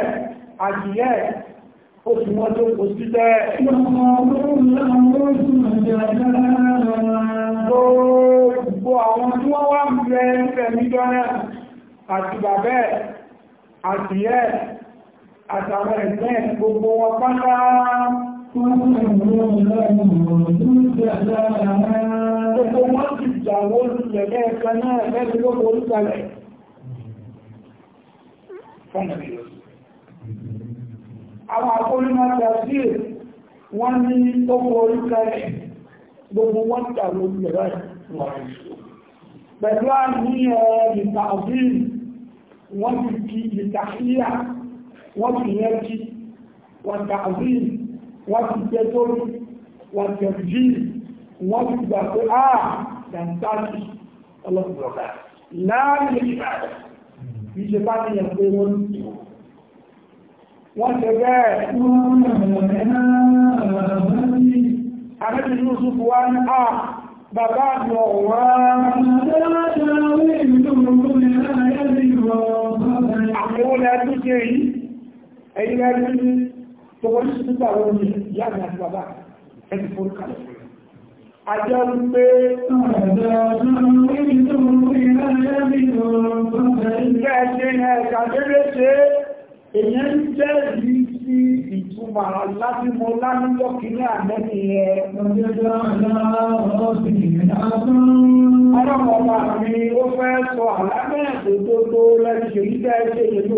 àjíyẹ́ ó sì kò sí bẹ́ẹ̀ gbogbo àwọn tí wọ́n wá ń bẹ àti bàbẹ́ àti ẹ̀ àtàwọn ẹ̀mẹ́ gbogbo wọn pátá Gbogbo wọn ti jàwó olùlẹ̀ lẹ́ẹ̀kan náà lẹ́nu lókò orúkàlẹ̀. Àwọn akólúmọ̀ Brazil wọ́n ní lókò orúkàlẹ̀ gbogbo wọn jàwó olùlẹ̀ lẹ́ẹ̀kan náà. Pẹ̀lú àníyàn ìtàbí wọ́n ti fi ìtàkìyà wọ́n ti yẹn ti wọ́n tàbí wọ́n ti jẹ́ tóbi wọ́n ti jí wọ́n ti gbà pé á ah, dàntàkì ọlọ́pùrọ̀dà láàrin ìbàdàn ìṣe bá ní ẹ̀ pé wọ́n ti wọ́n ti bẹ́ẹ̀ Àrẹ́bì Yúsùfù wá ní à ah, bàbá àjọ ọ̀wọ́ ìwò lẹ́ẹ̀tú ṣe èyí ẹ̀yìn lẹ́ẹ̀tú ní tọwọ́ sí nígbà wọn ni ìyá mi àti bàbá ẹni fún kalẹ̀ àjọ pé ẹ̀ẹ́dẹ̀ẹ́dẹ́ ṣe èyí sí ìtumọ̀ lásìmọ̀ lánúlọ́ kìíní àmẹ́ni ẹ. Ọlọ́pọ̀ọ̀pọ̀ mi ó fẹ́ sọ àlámẹ́ òdodo lẹ́nu ṣe yíká ẹgbẹ́ ìlú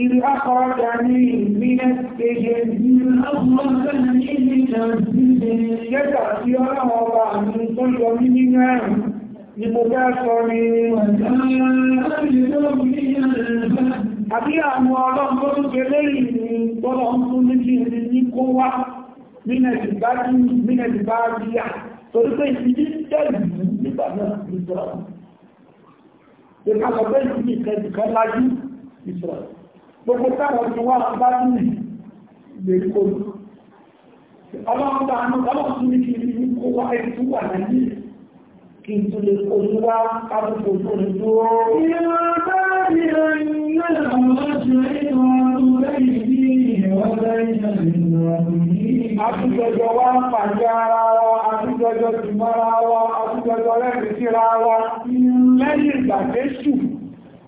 إذ أخرجني من السجن أخرجني من السجن يتأتي الله من كل منا لمكافري Àbí àwọn ọlọ́run tó ń gẹ̀lẹ́ ìrìn tọ́lọ ń fún méjì ìrìn ní kó wá mínẹ̀dì bá rí à torí pé ìdí tẹ́lì nígbà náà ìsọ̀rọ̀. Ìkàlọ̀ pé ìdí ìkẹ́ ìkẹ́ lájú ìsọ̀rọ̀ gbogbo táwọn tí wọ́n bá ní lè kóòdù ọlọ́run bá ní ọlọ́run tún ní kí ní kó wá ẹ̀tú wà láyé kí n tún lè kóòdù wá kábùkù tó lè dúró Àtújọjọ wá ń pàdé ara wa, àtújọjọ jùmọ́ra wa, àtújọjọ rẹ̀ sí wa, lẹ́yìn ìgbà tẹ́ṣù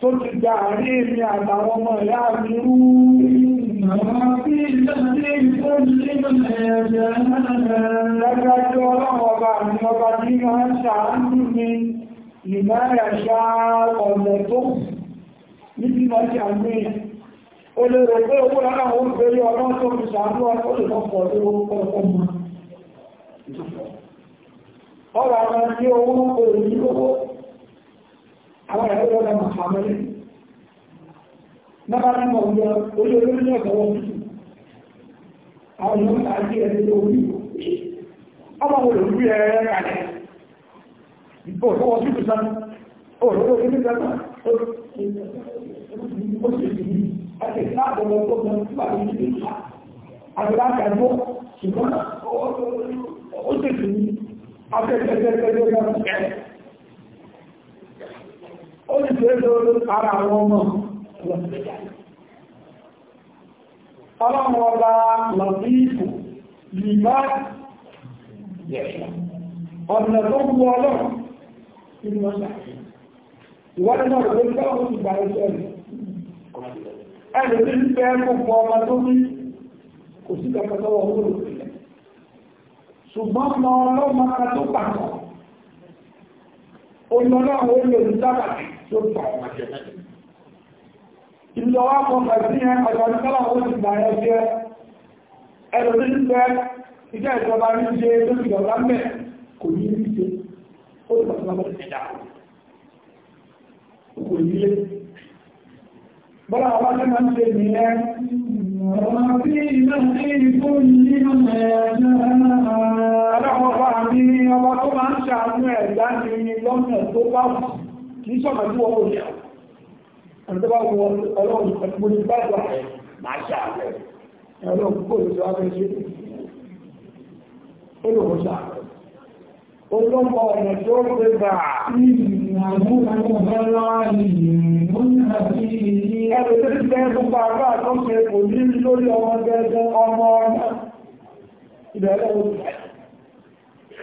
tó ti gba àárín èmi àtàwọn ọmọ ìyá mi rú Lẹ́gbẹ́jọ́ ọlọ́run ọba àmì O lè rẹ̀ pé owó lára àwọn olùgbérí ọlọ́run tó fi ṣàánú ọlọ́pọ̀ tó kọ́kọ́ mọ́. Ọ̀rọ̀ àwọn tí owó kò ní owó àwọn ẹ̀rọ lọ́wọ́ lọ́mọ àmọ́ lé nígbà tí wọ́n náà lọ́wọ́ tútù àwọn ìlú náà sí ẹni tó wí ọmọ wọn lò wí rẹ̀ ìbò lọ́wọ́ tútù sáà ó ó ó sì fẹ́ lórí ara àwọn ọmọ ọlọ́run ọba lọ́tíìfù lìbá ọ̀nà tó ń bú ọlọ́run nínú ọjà ìwọ́n náà ló gbá ó ti gbà ẹgbẹ́ rẹ̀ ẹni tí ń fẹ́ púpọ̀ ọmọ tó ní kò sí kẹfẹ́ lọ́wọ́ ó lò ṣùgbọ́n ọmọ ọlọ́mọ kan tó pàtàkì olùmọ̀lá àwọn olóòrùn sábàtì tó ń bà ọmọ jẹ́ ìlọ́wọ́ kọmọ̀ sí ẹ àjọ̀nìkọ́lá àwọn ìgbà ẹgbẹ́ ẹlòmí ń bẹ iṣẹ́ ìjọba ní ṣe tó ti dọ̀lá mẹ́ kò ní rí ṣe ó ti pàtàkì lọ́wọ́ ìṣẹ̀dá kò ní lé bọ́lá àwọn ọmọdé máa ń ṣe nìyẹn ọmọ bí ìlú ní ìfún yìí mọ̀ ẹ̀ẹ́dẹ́ ọmọ tó máa ń ṣàánú ẹ̀dá ni lọ́nà tó bá wù kìí sọ̀rọ̀ tí wọ́n wò ní wọn ọlọ́run mo ní ẹ̀ máa ṣàánú ẹ̀ kò lè sọ afẹ́ ṣe ó lòun ṣàánú olóńgbò ọ̀nà tó gbé bá ẹ̀rọ tó ti tẹ́ gbogbo àgbà tó ṣe kò ní lórí ọmọ gẹ́gẹ́ ọmọ ọmọ ìbẹ̀rẹ̀ òṣèlú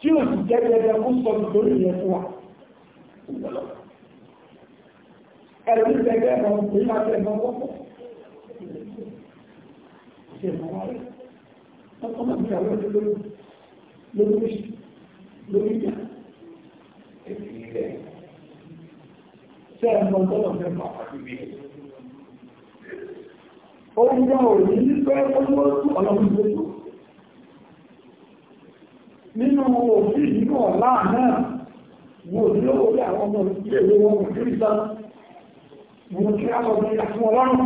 tí o sì jẹ́ gẹ́gẹ́ kó sọ nítorí yẹn fún wa. ẹ̀rọ ní gẹ́gẹ́ ẹ̀rọ èyí máa fẹ́ ẹ̀rọ pọ̀pọ̀. ṣe ìmọ̀ wa rẹ̀ lọ́kọ́ máa gbé àwọn ẹ̀rọ lórí lórí ìjà. ṣé ẹ̀rọ tọ́lọ̀ fẹ́ máa wà níbi ẹ̀ Oúnjẹ òní ní pẹ́ ọmọ ọlọ́run tó tó nínú òfin nínú ọ̀la náà wo ní orí àwọn ọmọ ilé wọn kò kí ìsá wọn kí á lọ sí àfún ọlọ́run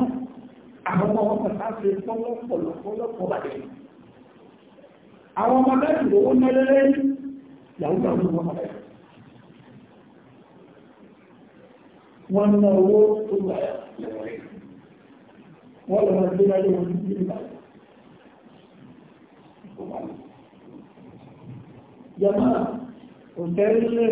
àwọn ọmọ ọmọ tá ṣe pọ́lọ́pọ̀lọpọ̀ bàjẹ́ àwọn ọmọ bẹ́ẹ̀ lówó mẹ́lẹ́lẹ́ yàwó náà ló wọ́n bẹ́ẹ̀ wọ́n ná owó tó gbà lẹ́wọ̀n wọ́n lọ́wọ́ gbé láyé wọn ní ìgbà jọmọ́ òtẹ́lẹ̀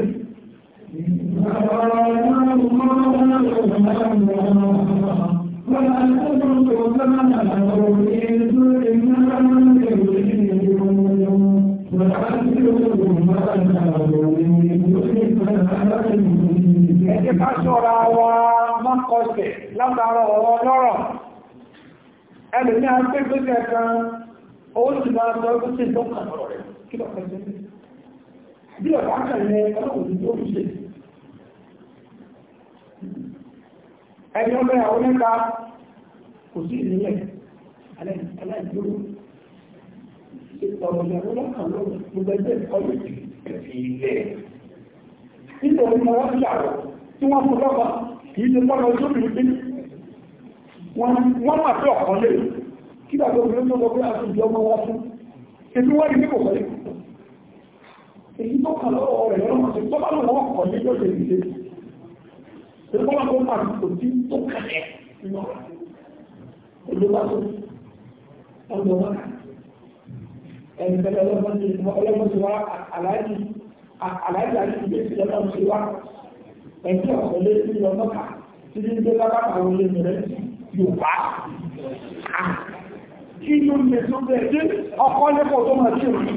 Ẹjẹ́ ká pé gbẹ́gbẹ́ kan, ó sì máa sọ ọdún sí tó kàn lọ́rẹ̀. Kí lọ́pẹ́ jẹ́ bí ọ̀pá kẹrẹ ọlọ́pùn tó fi ṣe ẹni ọmọ ìyàwó mẹ́ta kò sí ìrìnlẹ̀ aláìdúró ọ̀rọ̀ ìyàwó lọ́kàn lọ́wọ́ gbogbo ẹgbẹ́ ọdún ilẹ̀ nítorí mo wọ́n ṣàrọ̀ tí wọ́n fún lọ́kàn kìí ṣe tọ́lọ tó fi rí máa fẹ́ ọ̀kan lè kí bàbá obìnrin tó lọ bí a ọmọ wọn fún ẹbí wọ́n rí nípò pẹ̀lú èyí tó kà lọ́wọ́ rẹ̀ lọ́wọ́ sí tó bá lọ́wọ́ kọ̀ ní yóò ṣe ìṣe tí ó tó kà kò tí tó kàlẹ̀ nínú olùbá tó ọdún wọn ẹni tẹ́lẹ̀ ọlọ́mọ sí wa aláàjì aláàjì àti ìgbé sí ọlọ́mọ sí wa ẹni tí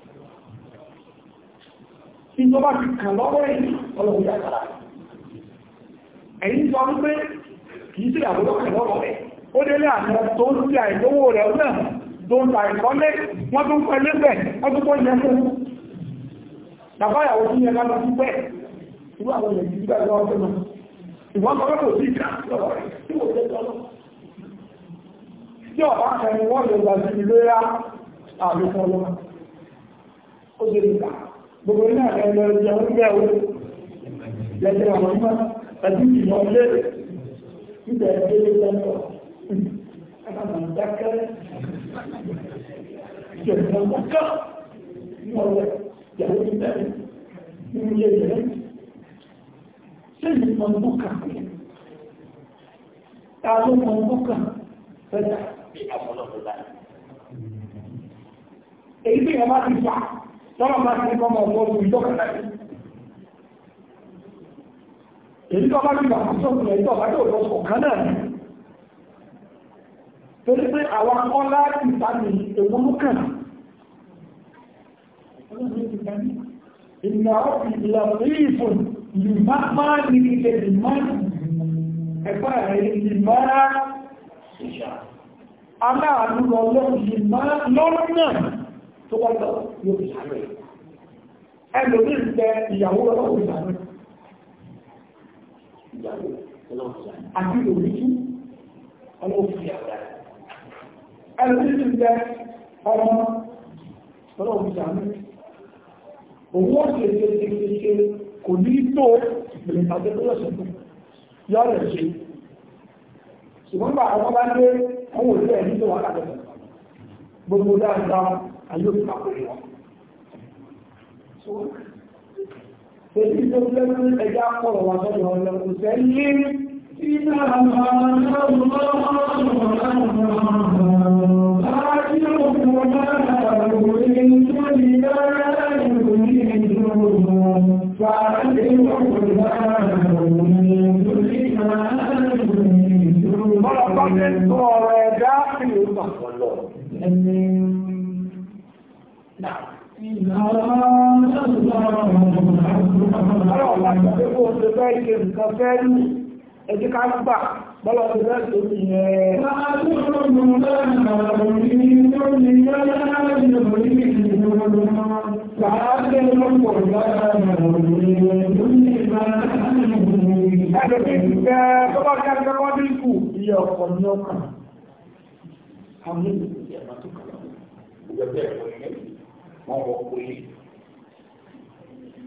tí tó bá ti kàn lọ́wọ́ ẹ̀yìn ọlọ́run yà sára ẹ̀yìn sọ wípé kìí sí àbúrò kàn lọ́wọ́ rẹ̀ ó délé àmì tó ń ti àìlówó rẹ̀ náà tó ń ta ìkọ́lé wọ́n tó ń pẹ́ lébẹ̀ wọ́n tó pọ́ yẹn lọ́nà fún bẹ́ẹ̀ irú àwọn èèyàn yìí gbàgbé lọ́wọ́ gbogbo iná ẹ̀lọ ìjẹun gẹ́wó lẹ́jẹ́ àwọn ọmọ àti ìmọ̀ lé ìbẹ̀ ẹgbẹ́ lẹ́lọ àmàdákẹ́ ìjọ̀dọ̀mọ́kọ́ ní ọ̀rẹ́ ìyàwó ìbẹ̀rẹ̀ nínú ilé ìrẹ́ ṣe ìmọ̀ mọ́kà ta ló mọ̀ mọ́kà fẹ́ta bí ọmọlọ́pọ̀ láì èyí bí ọmọ ti fà tọ́rọ bá ti kọ́ mọ̀ ọ̀pọ̀ òun ìjọba èyí tó bá gbígbà fún sọ́kùn ẹ̀ tó bá yóò lọ sọ kan náà ni torí pé àwọn akọ́lá ìtàní ewúrú kan ìnà ìlàmíìfún ìmá máa ní ilẹ̀ ìmá ẹ̀fà rẹ̀ ìmá aláàánú lọ́lọ́ ìmá lọ́rùn náà tó bá lọ yóò fi sàánú rẹ̀ ẹlòmí ń bẹ ìyàwó ọlọ́wọ́ fi sàánú ìyàwó ọlọ́wọ́ fi sàánú àti ìlòmí tú ọlọ́wọ́ fi sàánú rẹ̀ ẹlòmí ń bẹ ọmọ ọlọ́wọ́ fi sàánú òun ó ṣe ṣe ṣe ṣe kò ní tó ìpìlẹ̀ tàbí tó yọ̀ ṣẹ́kù yọ̀ rẹ̀ ṣe ṣùgbọ́n bá àwọn bá dé àwọn òṣèlú ẹ̀ nílò wákàtí gbogbo dáadáa ayọ́pàá pẹ̀lú wọn. Èyí tó lẹ́nu ẹja pọ̀rọ̀ wà sọ́dọ̀ ọlọ́run tẹ́ lé Iná àwọn ọlọ́run Ọlọ́pàá ẹ̀tọ́ ọ̀rọ̀ ẹ̀dá ìlú pàpọ̀lọ̀. Ẹni Ẹjí ká gbà bọ́lọ̀ ti rẹ̀ tó ti yẹ. Ẹjọ́ ti fẹ́ tọ́bọ̀ kí a ti kọ́kọ́ bí kù iye ọ̀pọ̀ ní ọkà. Àwọn ìgbẹ̀rẹ̀ tó kàlọ̀. Ìgbẹ̀rẹ̀ wọ́n wọ pé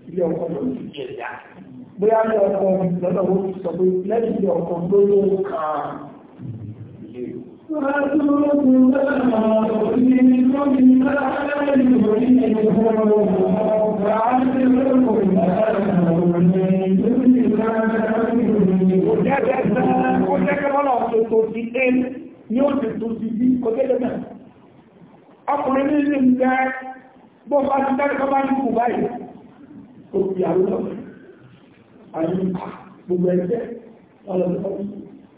ilé ọkọ lọ sí jẹjà bóyá ilé ọkọ lọ́nà ó ti sọ pé lẹ́yìn ilé ọkọ ló ló ń kan ilé Ọkùnrin ní ilé ń gbẹ́ bó bá ti dárí bá bá ní kù báyìí ó fi àwọn lọ àyè gbogbo ẹgbẹ́ ọlọ́dọ́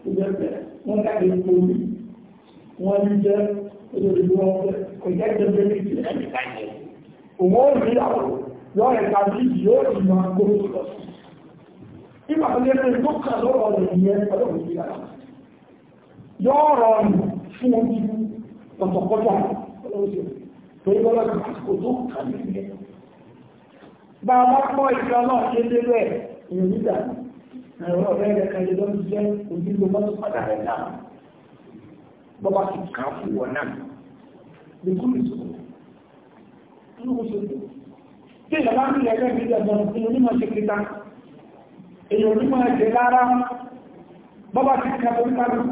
gbogbo ẹgbẹ́ wọ́n dáre ipò omi wọ́n ní jẹ́ olóògbé wọn fẹ́ kò jẹ́ jẹ́jẹ́ ní ti ẹ̀ẹ́dẹ́gbẹ̀ẹ́ òun torí bọ́lá ti fi kò tó kà ní ìyẹn bá a bá kọ́ ìjọ náà ṣe dé bẹ́ẹ̀ èèyàn nígbà ẹ̀rọ ọ̀rẹ́ rẹ̀ kan lè lọ sí jẹ́ onílò bá tó padà rẹ̀ náà bọ́bá ti kà á fún wọn náà lè kú lè sọ̀rọ̀ nínú oṣooṣù tí ìjọba ń lè ẹgbẹ́ mi dẹ̀gbọ́n èèyàn onímọ̀ ṣe kíta èèyàn onímọ̀ ẹ̀jẹ̀ lára bọ́bá ti kà lórí kálukú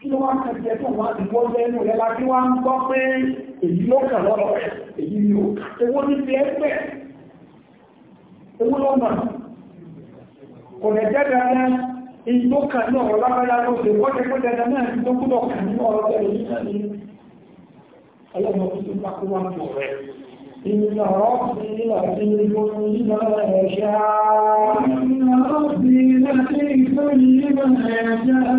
kí ló wá ń kẹjẹ tó wá ti wọ́n jẹ́ inú ẹlá kí wá ń gbọ́ pé èyí ló kà lọ́rọ̀ rẹ̀ èyí ni ó ewó ní ti ẹgbẹ́ ewó lọ́nà kò lè jẹ́ dandan èyí ló kà ní ọ̀rọ̀ lábẹ́lá ló ṣe wọ́n jẹ́ pé dandan náà ti tó kà ní ọ̀rọ̀ tẹ̀lé yìí ọlọ́mọ tuntun bá kó wá ń bọ̀ rẹ̀ إن ربي لطيف لما يشاء إن ربي لطيف لما يشاء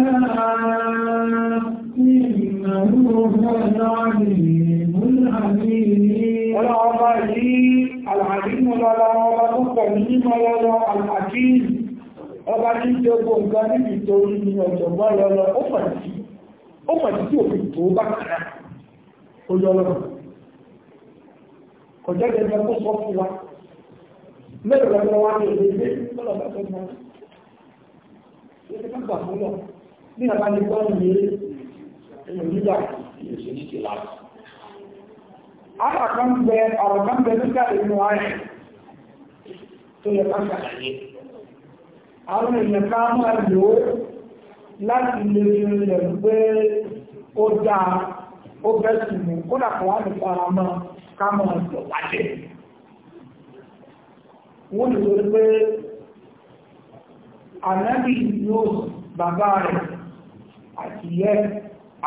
إنه هو العليم الحكيم العظيم العليم لله الحكيم لله الحكيم ọba ní gbogbo nǹkan níbi torí ní ọ̀jọ̀gbọ́n lọ́lọ́ ó pàtí ó pàtí tí òfin tó bá kàrà ó yọ́ lọ́pàá kọjá gẹ́gẹ́ kó sọ fún wa mẹ́rin lọ́wọ́ wa ní èdè ilé lọ́lọ́ bá tó mọ́ ṣe ká gbà fún lọ ní àbá ní gbọ́ ní eré èèyàn nígbà ìṣe ní ti láti. Ara kan bẹ ọ̀rọ̀ kan bẹ nígbà inú ayé tó yẹ ká ṣàlàyé. Àwọn èèyàn ká máa lò ó láti lè fi pé ó dáa ó bẹ́ sùn kódà kan wá ní fara kámọ̀ ọ̀pọ̀ wájẹ̀ wọ́n lè lórí pé ànábì yóò bàbá rẹ̀ àti yẹ́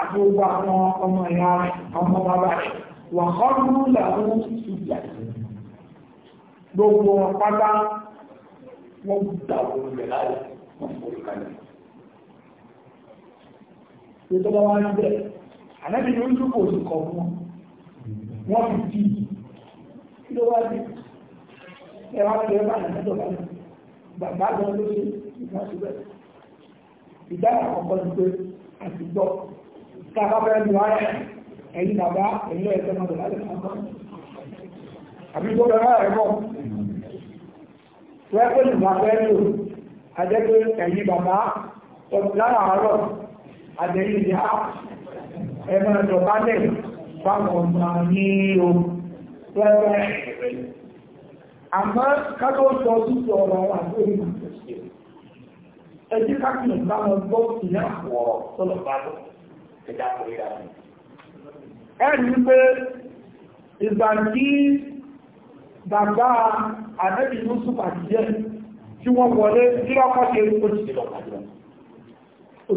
àti ogbà àwọn ọmọ ìyá rẹ̀ ọmọ bàbá rẹ̀ wà kọ́rùn-ún làwọn ìjà gbogbo wọn pátá wọ́n gbà wọ́n rẹ̀ láyé wọ́n fò kalẹ̀ Ìjọba wa ń bẹ̀, ànábì yóò ń dúkò sí kọ̀ fún wọn wọ́n fi tí kí ló wá dé ẹwà tó ẹbà ìrìnàjò bá lọ bàbá lọ ló ṣe ìgbà síbẹ̀ ìdára àkọ́kọ́ ni pé àti gbọ́ ká bá fẹ́ lu ara ẹ̀yìn bàbá ẹ̀yìn ẹ̀sẹ̀ máa bẹ̀rẹ̀ láti kọ́ àbí tó bẹ̀rẹ̀ rẹ̀ bọ̀ wọ́n pè ní bàbá ẹ̀ lò àjẹ́pé ẹ̀yìn bàbá lára àárọ̀ àjẹ́yìn ìyá ẹ̀ máa jọ bá lẹ́yìn fáwọn ọmọ ní o rẹ́rẹ́ àmọ́ kátó sọ títí ọ̀rọ̀ àwọn àgbóyìn ìgbésẹ̀ ẹjí káàkiri báwọn gbọ́ ìyá pé ìgbà tí bàbá àdẹ́bì yusuf àtijẹ́ tí wọ́n wọlé tí lọ́kọ́ ṣe ó ti lọ́kọ́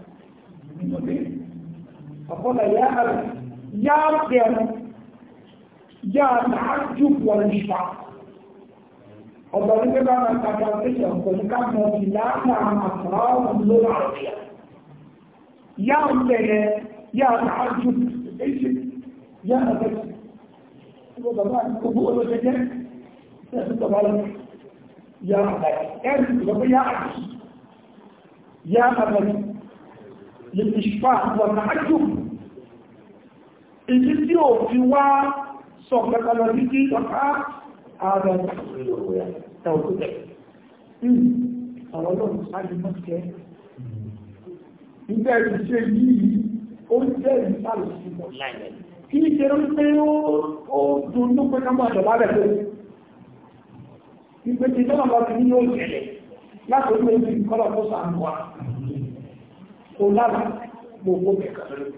nínú ilé ọ̀pọ̀lọ̀ yá àrùn yá bẹ̀rù yá àtàájú wọ̀n ìfà ọ̀dọ̀ ní pé bá máa tàbí àpéṣẹ̀ pẹ̀lú káàmọ̀ ìlànà àtàrà ọ̀hún lórí àrùn yá bẹ̀rẹ̀ yá àtàájú èyí yá àtàájú gbogbo bàbá àti gbogbo olóṣèjẹ́ tẹ̀sí tọ́ba lọ́wọ́ yá àtàájú ẹ̀rù ìgbàgbọ́ yá àtàájú yá àtàájú lè fi ṣpá wọ̀nà ájú ìdí tí ò fi wá sọ pẹ̀kọ̀lọ̀ títí ọ̀pá ààrẹ Ìgbẹ́ ìṣe yìí, ó jẹ́ ìsàlù sí mọ̀ láìlẹ̀. Kí ní ṣe rí pé ó dùn ní pé ká máa jọba rẹ̀ tó? Ìgbẹ́ ti tọ́nà lọ sí ní ó jẹ́lẹ̀ láti orílẹ̀-èdè kọ́lọ̀ tó sàánúwà tó lára gbogbo mẹ́ka rẹ̀.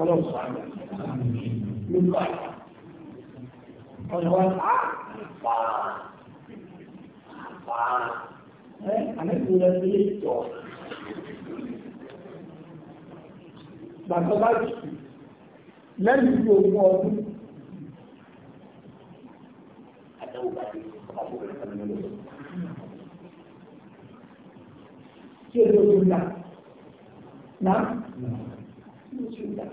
Ọlọ́pàá ló bá ọ̀nà wa pàà pàà ẹ́ àmẹ́kù rẹ̀ sí lè tọ̀. Bàtọ́ bá jù lẹ́yìn tí ogún ọdún. tí èdè oṣù gbà náà oṣù gbà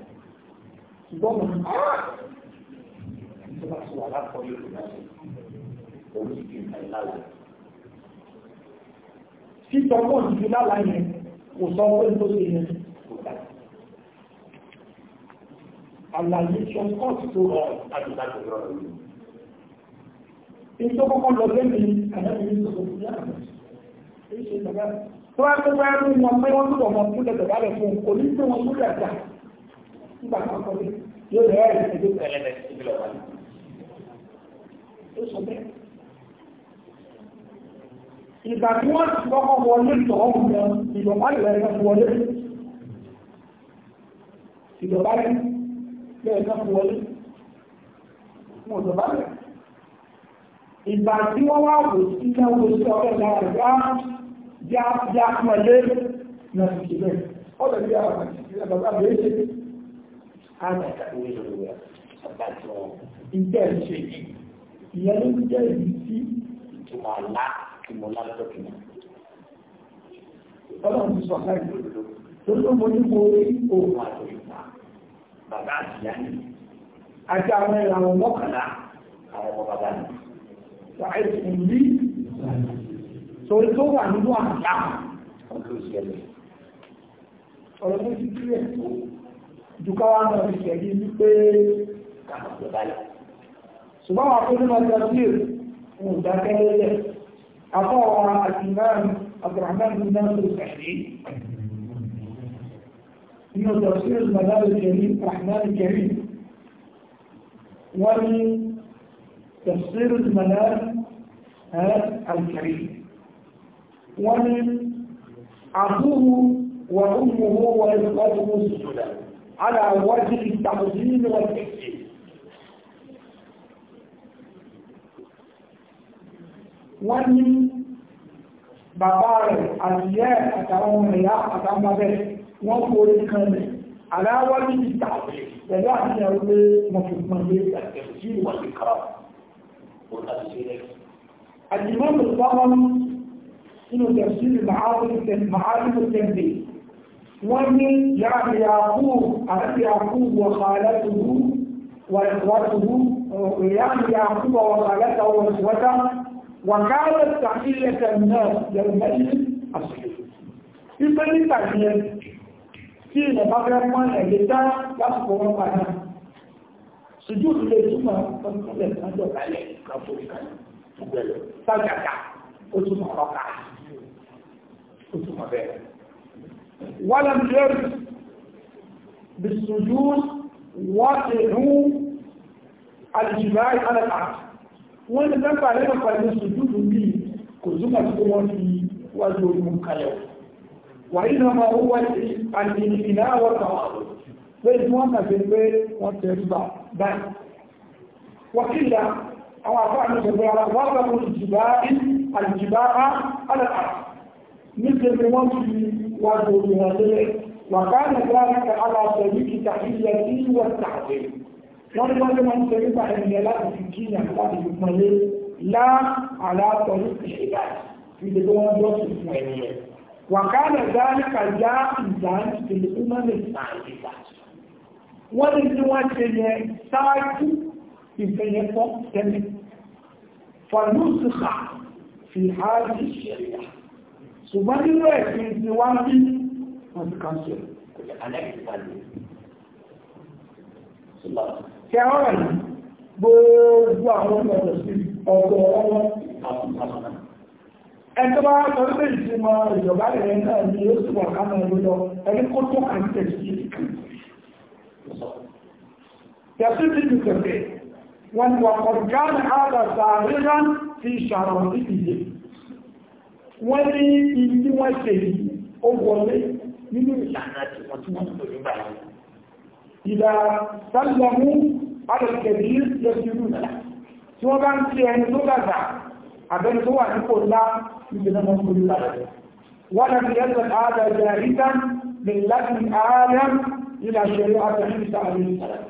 ṣùgbọ́n mo ah! ìjọba ti wà lápọ̀ yóò lọ sí orí ìgbà ìlàlẹ̀. Títọ́ pọ̀ jù lálàá yẹn kò sọ pé tó ṣe yẹn kò dá. Àlàyé Sean Cox tó rọ tó wá tó bá rí wọn pé wọ́n túbọ̀ wọn kúlẹ̀ tẹ̀lé rẹ̀ fún kò ní tó wọn kúlẹ̀ tà nígbà kan kọ́ lé yóò rẹ̀ ẹ̀ ẹ̀dẹ́ pẹ̀lẹ́lẹ̀ síbi lọ́wọ́ ni. ó sọ bẹ́ẹ̀. ìgbà tí wọ́n ti kọ́kọ́ wọlé tọ̀ọ́ wọn ìjọba ìlẹ̀ ẹ̀ka wọlé ìjọba ìlẹ̀ ẹ̀ka wọlé wọn ìjọba ìlẹ̀ ìgbà tí wọ́n wá wò sí náà wò sí ọ̀rẹ́ ìdára rẹ̀ já pọ̀ lé na ìṣẹ̀lẹ̀ ọ̀dọ̀ bí àwọn ìṣẹ̀lẹ̀ bàbá bẹ̀rẹ̀ ṣe àmà ìkàwé ìṣòro bàbá tí wọn ìjẹ́ ìṣe yìí ìyẹn ló ń jẹ́ ìdí sí ìtumọ̀ àlá ìmọ̀ lálẹ́ Ọlọ́run ti sọ láì lòdòdó, tó ló mo ní mo rí òun àtòyìnbá, bàbá àtìyá ni, àti àwọn ìlànà mọ́kànlá àwọn ọmọ bàbá ni, wàá ẹ̀sùn bí torí tó wà nínú àlá ọdún ìṣẹ̀lẹ̀ ọ̀rọ̀ tó ti kí ẹ̀ tó dùkáwà náà ìṣẹ̀lẹ̀ wípé kàkàtọ̀ balẹ̀ ṣùgbọ́n wà fún ọdún ọjọ́ sí òun ìdákẹ́ lẹ́lẹ̀ afọ́wọ́ àtìmáàmù abdulrahman bin nasir kàṣí inú tafsir madal karim rahman karim wọ́n ní tafsir madal الكريم wọ́n ní àbúrú wọ́n ń mú owó wọ́n ní wọ́n mú sùdà aláwọ́dí ìtàkùsí ní wọ́n tẹ̀sí wọ́n ní bàbá rẹ̀ àtìyẹ́ àtàwọn ọmọ ìyá àtàwọn abẹ́ wọ́n kó orí kan lẹ̀ aláwọ́dí ìtàkùsí pẹ̀lú àtìyàn شنو تفسير المعارف المعارف التنبيه ومن جعل يعقوب أخي يعقوب وخالته وإخوته ويعني يعقوب وخالته وإخوته وكانت تحية الناس يومئذ في طريقة لتحية في نفاقر من الجزاء يصبح ربنا سجود لجمع فنقل أنه عليه كفوكا تجدع وجمع ربنا ó túmọ̀ bẹ́ẹ̀ wọ́lẹ̀ mìíràn bìsùjú wọ́n ti rú alìjìbáyì alàkà wọ́n ni mẹ́fà lẹ́nà pẹ̀lú sùjúdù bí kò túmọ̀ sí wọ́n fi wájú orí mú kalẹ̀ wàyí náà máa wọ́n wáyé alìjìbìnà wọ́ta pé wọ́n nà fi pé wọ́n tẹ̀rí báyìí wàkílà àwọn àfáà ní ṣẹ̀gbẹ́ ara wọ́n bá mú alìjìbáyì alàkà níṣẹ́ ni wọ́n fi wá lórí wọn lélẹ̀ wàkánà gbáríkà aláṣẹ̀lú kìtà ilẹ̀ tí wọ́n tàbí wọ́n ní wọ́n lé wọn ṣe nípa ẹ̀yẹ láti fi kíyàn láti fi pọn lé lá àlàtọ̀ ní ìṣẹ̀dá ìdè tó wọ́n jọ sí fún ẹ̀yẹ wàkánà gbáríkà já ìjà ń tèlé tó má lè sàn ìgbà wọ́n ní tí wọ́n ṣe yẹn ṣáájú ìfẹ̀yẹ̀fọ́ tẹ́lẹ̀ fọ̀lùsùkà fi hàájì ṣẹ̀yà ṣùgbọ́n nínú ẹ̀sìn ti wá ń bí wọ́n ti kàn ṣe kò lè kàn lẹ́yìn ìpàdé kí a rẹ̀ gbogbo àwọn ọmọ sí ọkọ̀ ọmọ ẹjọ́ bá sọ pé ìsinmọ̀ ìjọba rẹ̀ náà ni ó sì wà kánà lọ ẹni kó tó kàn tẹ̀ sí yàtí ti ti tẹ̀lé wọn wà ọ̀gá ní àgbà sàárẹ́rán ti ṣàrọ̀ wọ́n ní ibi tí wọ́n ṣe yìí ó wọlé nínú ìlànà tí wọ́n tí wọ́n tó nígbà yìí ìdá sálẹ̀mú adẹ̀kẹ̀bí lẹ́sìrú náà tí wọ́n bá ń ṣe ẹni tó dàgbà àbẹ́ni tó wà nípò ńlá ìgbẹ̀nà mọ́ ولم يزل هذا جاهزا من لدن آدم إلى شريعة عيسى عليه السلام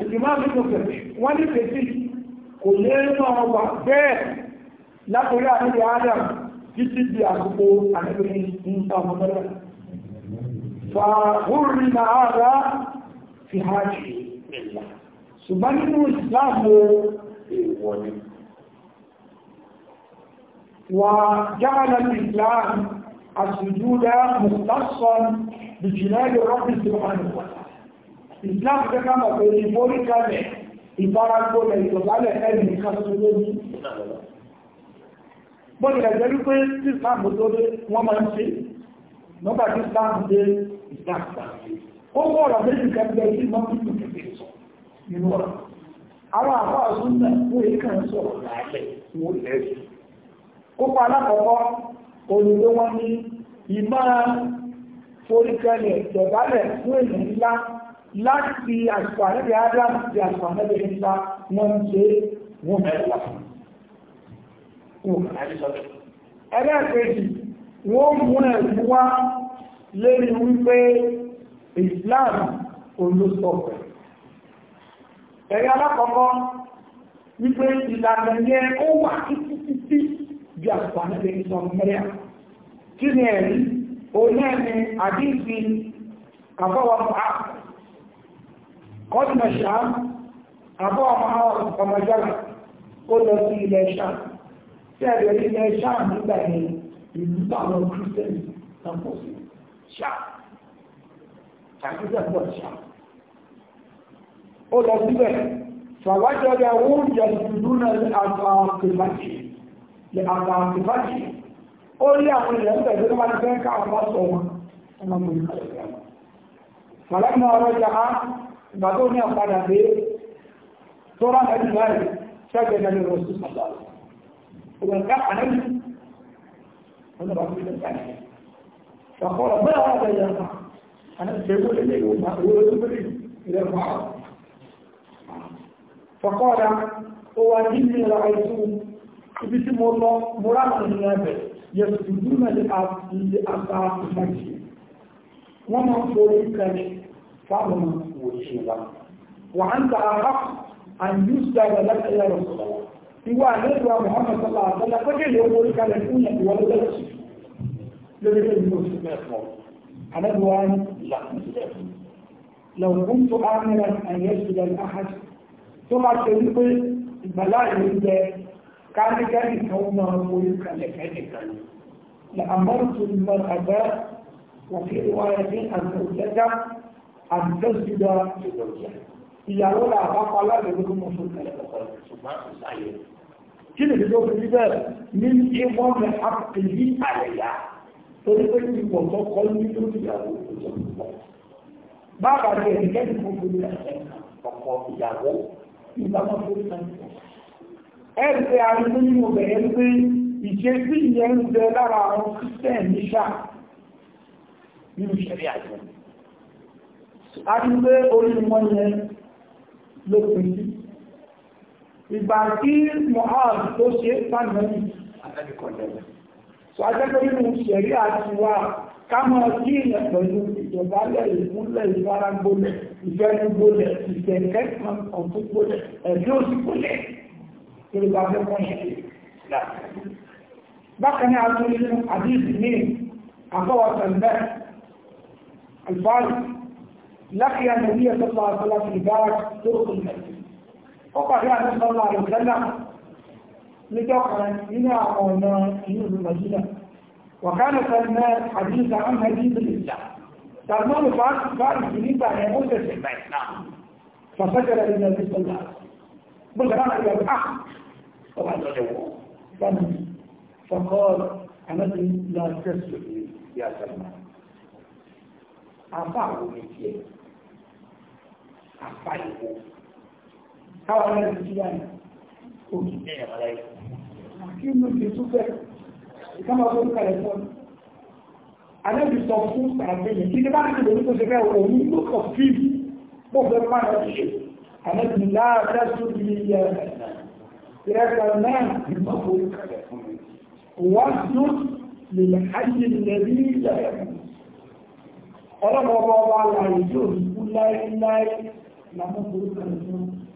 الإمام ابن كثير ولكثير كلنا هو بيت لا ترى أهل آدم títí di àkókò àgbẹ̀rẹ̀ nípa ọmọdé fàhúrì náà rá fi hajji nílá ṣùgbọ́n nínú ìsìláàmù èèwọ̀ ni wà jáàlá ìsìláàmù àṣìjúdá mùsùlásán bìjìláàlì rọ́bìsì ọmọdé ìsìláàmù kẹ́kà mọ̀ pé ìforí kalẹ̀ ìbára gbọ́lẹ̀ kan tó lórí ìrìnàlọ́wọ́ bọ́lẹ̀ ẹ̀jẹ́ wípé tí islam tó dé wọ́n máa ń ṣe nọ́bà tí islam dé islam ó mọ́ ọ̀rọ̀ méjì kẹgbẹ́ tí wọ́n fi tún kẹfẹ́ sọ nínú ọ̀rọ̀ àwọn àpá ọ̀sùn náà fún èékà ń sọ̀rọ̀ láàlẹ̀ wọ́n lẹ́sì kópa alákọ̀ọ́kọ́ láti àṣìkò àlẹ́bẹ̀ adam àti àṣìkò àlẹ́bẹ̀ ńlá wọ́n ń ṣe wọ́n mẹ́rin láti ẹlẹ́ẹ̀kejì wọ́n mú ẹ̀sùn wá lérí wípé Islam olóṣọ́ ẹ̀rí alákọ̀ọ́kọ́ wípé ìlànà yẹn ó wà títí bí àpá nílé ìsọmọ́rẹ́à kí ni ẹ̀rí oníẹ̀ni àdífi àbọ̀wọ̀ kọ́dùmọ̀ṣà àbọ̀wọ̀ tí ẹ̀rọ ilẹ̀ ṣáà nígbà yẹn ìlú táwọn kírísítẹ́nì náà pọ̀ sí ṣáà ṣàkíyèsí ṣáà. ó lọ síbẹ̀ fàwájọ́ ya wọ́n jẹ́ ìlú náà ní àtàkùnfàjì ó rí àwọn ilẹ̀ ń bẹ̀rẹ̀ wá ní fẹ́ńkà àwọn bá sọ wọn ọmọ mi ní àlejò àwọn. fàlámà ọ̀rọ̀ jà á ìgbà tó ní àpadà dé tó rán ẹni báyìí ṣẹ́gbẹ̀ẹ́ وبنكح عليه هنا بعض الناس فقال ما هذا يا معه أنا سيقول إليه وما هو يقول إلى المعه فقال هو إني رأيتهم باسم الله مراما النابل يسجدون لأصحاب المسجد وما صورك فما صورك وأنت أحق أن يسجد لك يا رسول الله ìwà àlejò Muhammad sallallahu alaihi wasallam pẹ́kẹ́ lè owó ìkàlẹ̀ fún ìwà lọ́lọ́sì lórí ilé ìlú oṣù mẹ́fọ́ àlejò wa ní lọ́wọ́ ń tó ámìrán àyẹ́ ìṣẹ̀lẹ̀ àhàjì tó bá ṣe wípé ìgbàlá ìlú jẹ káríkárì kan máa ń wo ìkàlẹ̀ kẹ́nìkan لأمرت المرأة وفي رواية الزوجة أن تسجد لزوجها ìyàwó làbá pa aláàbẹ̀lógún mọ́ fún ẹ̀lẹ́kọ̀ọ́ ṣùgbọ́n àìsàyẹ̀ kí lè fi tó ní ìwọ́n rẹ̀ àpè ní àyẹ̀yà torí pé ní ìwọ̀n tó kọ́ ní lórí ìyàwó ìjọba bàbá rẹ̀ ẹ̀dẹ́gẹ́ ní gbogbo ní ọkọ̀ ìyàwó ìbámu tó ń sàn ẹ̀rù pé a rí nínú bẹ̀rẹ̀ pé ìṣesí ìyẹn ń bẹ lára àwọn kristian níṣà nínú ìṣẹ̀lẹ̀ àjọ a rí pé orí wọn yẹn ló sí ìgbà tí mohab tó ṣe fánàlì àtàbíkọ̀lẹ̀lẹ̀ so ajẹ́gbẹ́ nínú ṣẹ̀rí àti wà kámọ́ kí ìyẹn pẹ̀lú ìjọbalẹ̀ ìmúlẹ̀ ìfaragbólẹ̀ ìfẹ́nugbólẹ̀ ìfẹ̀kẹ́ kan ọ̀tún gbólẹ̀ ẹ̀bí òsì gbólẹ̀ torí bá fẹ́ mọ́ yẹn bákan ní àtúnlé nínú àdíìsì ní àfọwọ́ tẹ̀lẹ́ alfáàlì lákìyà nàbíyà tó bá àtàlà fi bára tó kùn mẹ́sì ó pàdé àdúgbò àlùfẹ́lá níjọ́ kan nínú àwọn ọ̀nà inú ìlú Madina wàkánà sẹ́lẹ̀ àdíjà àmàdíjà ìjà sàmọ́nù fàájì nígbà yẹn ó tẹ̀sẹ̀ báyìí náà fàṣẹ́kẹ̀rẹ̀ ilẹ̀ ìsọ̀lá gbọ́dọ̀ káwọn náà ti yá ní òkè bẹ́ẹ̀ rárá yìí kí ló ti tún fẹ́ ìkámà tó ń kalẹ̀ fún sọ fún sàgbéyẹ kí ní bá ń tẹ̀lé tó ṣe òun ló kọ̀ fíìmù bó fẹ́ má lọ sí anábì tó ti ní kú láéláé làmọ́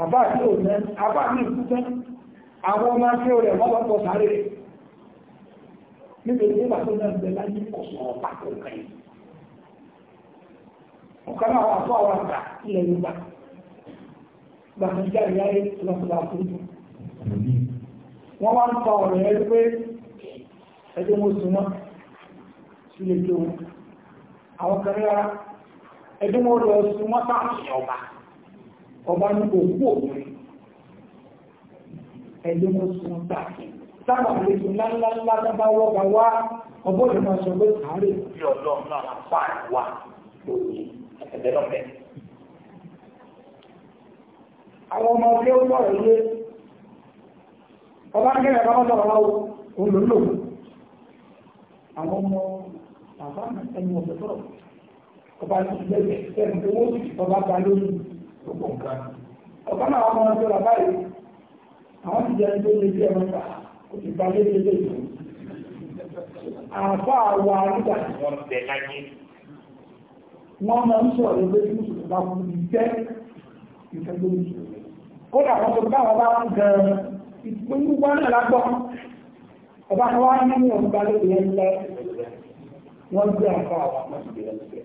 àbá àti òmìnà àbá àmì ìkúta àwọn ọmọ akẹ́ rẹ̀ wọ́n lọ́pọ̀ sáré nítorí nígbà tó náà bẹ láyé kọ̀sọ̀ ọ̀pá tó kẹ́yìn ọ̀kan náà wà fún àwọn àgbà ilẹ̀ Yorùbá gbàgbọ́njá ìyá yẹn lọ́sọ̀lá àkójọ wọ́n wá ń pa ọ̀rọ̀ yẹn pé ẹjọ́ mo sùn náà sílé tó àwọn kan rárá ẹjọ́ mo lọ sùn mọ́tà ọ̀sẹ̀ ọba ọba ní òkú òkúrin ẹjọ́ mọ́ sun tààkì sábà àlejò ńláńláńlá dábá wọ́gá wá ọbọ̀ ìlú máa sọ pé àárẹ̀ bí ọlọ́run náà la fà wá lónìí ẹ̀ẹ́dẹ́ lọ́fẹ́. àwọn ọmọ ọdún ó sọ̀rọ̀ ilé ọba kẹrẹ̀ bá wọ́n sọ̀rọ̀ láwo òun ló lò àwọn ọmọ bàbá ẹni ọ̀sẹ̀ sọ̀rọ̀ ọba ti lẹ́gbẹ̀ẹ́ ẹ̀ tó pọ̀ nǹkan. ọ̀pá náà wọ́n máa ń sọ̀rọ̀ báyìí àwọn ti jẹ́ ẹni tó lè jẹ́ ẹ̀rọ ta ó ti gba lé lélẹ̀ yìí. àbá wa nígbà tí wọ́n bẹ̀ láyé wọ́n máa ń sọ̀rọ̀ lórí mùsùlùmí bá fún mi jẹ́ ìfẹ́ lórí mùsùlùmí. kódà wọn tó báwọn bá ń gan ìpínlẹ̀ wọn náà lágbọ́ ọba kan wá nínú ọgbà lórí ẹni lẹ́ wọ́n gbé àbá àwọn ọmọ ìgbéyàwó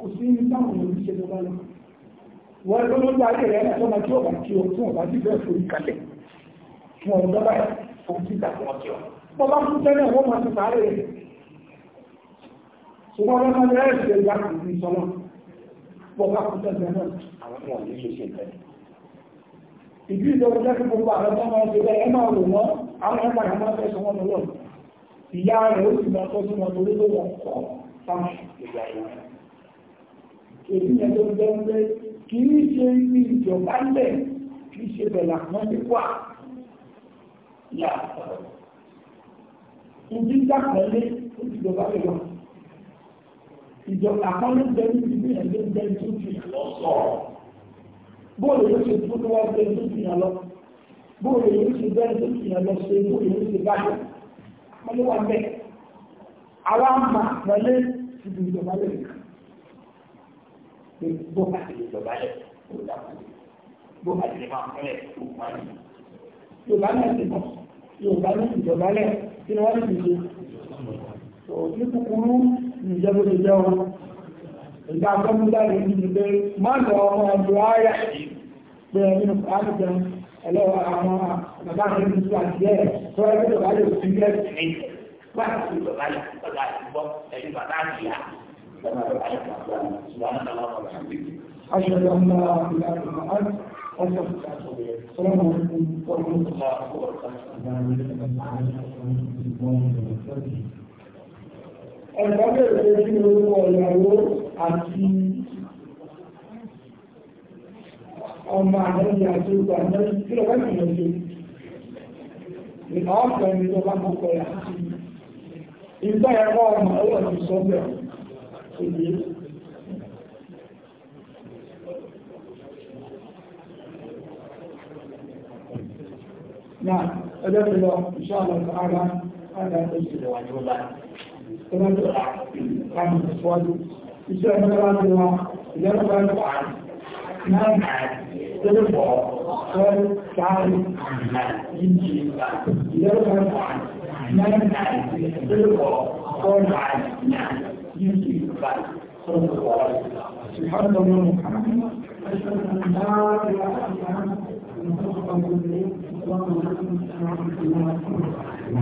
kò sí ní táwọn èèyàn ṣe lọ́wọ́ lọ wọ́n ló ló gbáyé rẹ̀ ẹ̀ lọ́mọ tí ó bá o fún ọ̀bá tí forí kalẹ̀ fún ọ̀rọ̀ lọ́ba ẹ̀ fún tí ìdàpọ̀ ọ̀kí ọ bá fún tẹ́lẹ̀ wọ́n máa ti sáré rẹ̀ ṣùgbọ́n wọ́n máa rẹ̀ ṣe ìgbà kò ní sọ́nà bọ́ bá fún tẹ́lẹ̀ náà àwọn ọmọ yìí ṣe ṣe ìtẹ́lẹ̀ ìdí ìjọba jẹ́ kí gbogbo àwọn ọmọ ṣe bẹ́ẹ̀ ẹ máa rò wọ́n àwọn ẹ̀ka ìmọ̀ ẹ̀fẹ́ sọ wọ́n lọ́wọ́ ìyá rẹ̀ ó sì máa tọ́jú wọn torí ló wọ̀ kọ́ sáwọn ìgbà ìwọ̀n èyí yẹn tó jẹ́ pé kì í ṣe ibi ìjọba lẹ̀ kì í ṣe bẹ̀là kan ní wà yàtọ̀ ìdí dàpọ̀lé ó ti jọba lè wà ìjọba kan ló jẹ́ níbi bí ẹ̀ ló jẹ́ tó fi lọ sọ bóòlù yóò ṣe tó wá jẹ́ tó fi lọ bóòlù yóò ṣe bẹ́ẹ̀ tó ìjọba lè pé bó bá ti lè jọba lẹ̀ bó bá ti lè máa fẹ́lẹ̀ kó wọn Yorùbá náà ti mọ̀ Yorùbá náà ti jọba lẹ̀ kí ni wọ́n lè ṣe. Òní kúkúrú ní wọn. Ìgbà àgbọ̀múdá lè ní ìgbé má lọ ọmọ ọdún ayà pé nínú pàálù jẹun ẹlẹ́wọ̀ àwọn bàbá mi ti sọ àti ẹ̀ tó ẹgbẹ́ jọba lè fi jẹ́ sí mi. Bá a ti jọba lè fi gbọ́ ẹ̀yìn bàbá mi أشهد أن لا إله إلا أنت السلام عليكم ورحمة الله وبركاته. Ẹ̀gbọ́n bẹ̀rẹ̀ sí orúkọ ìyàwó àti ọmọ àlẹ́yìn àti ìgbà mẹ́rin tí ó wẹ́n ìyẹn ṣe. Ìgbà ọ̀pọ̀ ẹni tó bá ìgbà ẹ̀kọ́ ọmọ ọwọ́ ti sọ 那，大家这个，伊斯兰阿訇，阿訇都是这个样子的。他们这个，他们这个，伊斯兰阿訇，伊斯兰法，南这个佛，和家里女一起的。伊斯兰法，南海，这个佛，和家里 يمكن بعد صلى الله عليه وسلم سبحان الله وبحمده أشهد أن لا إله إلا أنت نستغفرك ونتوب إليك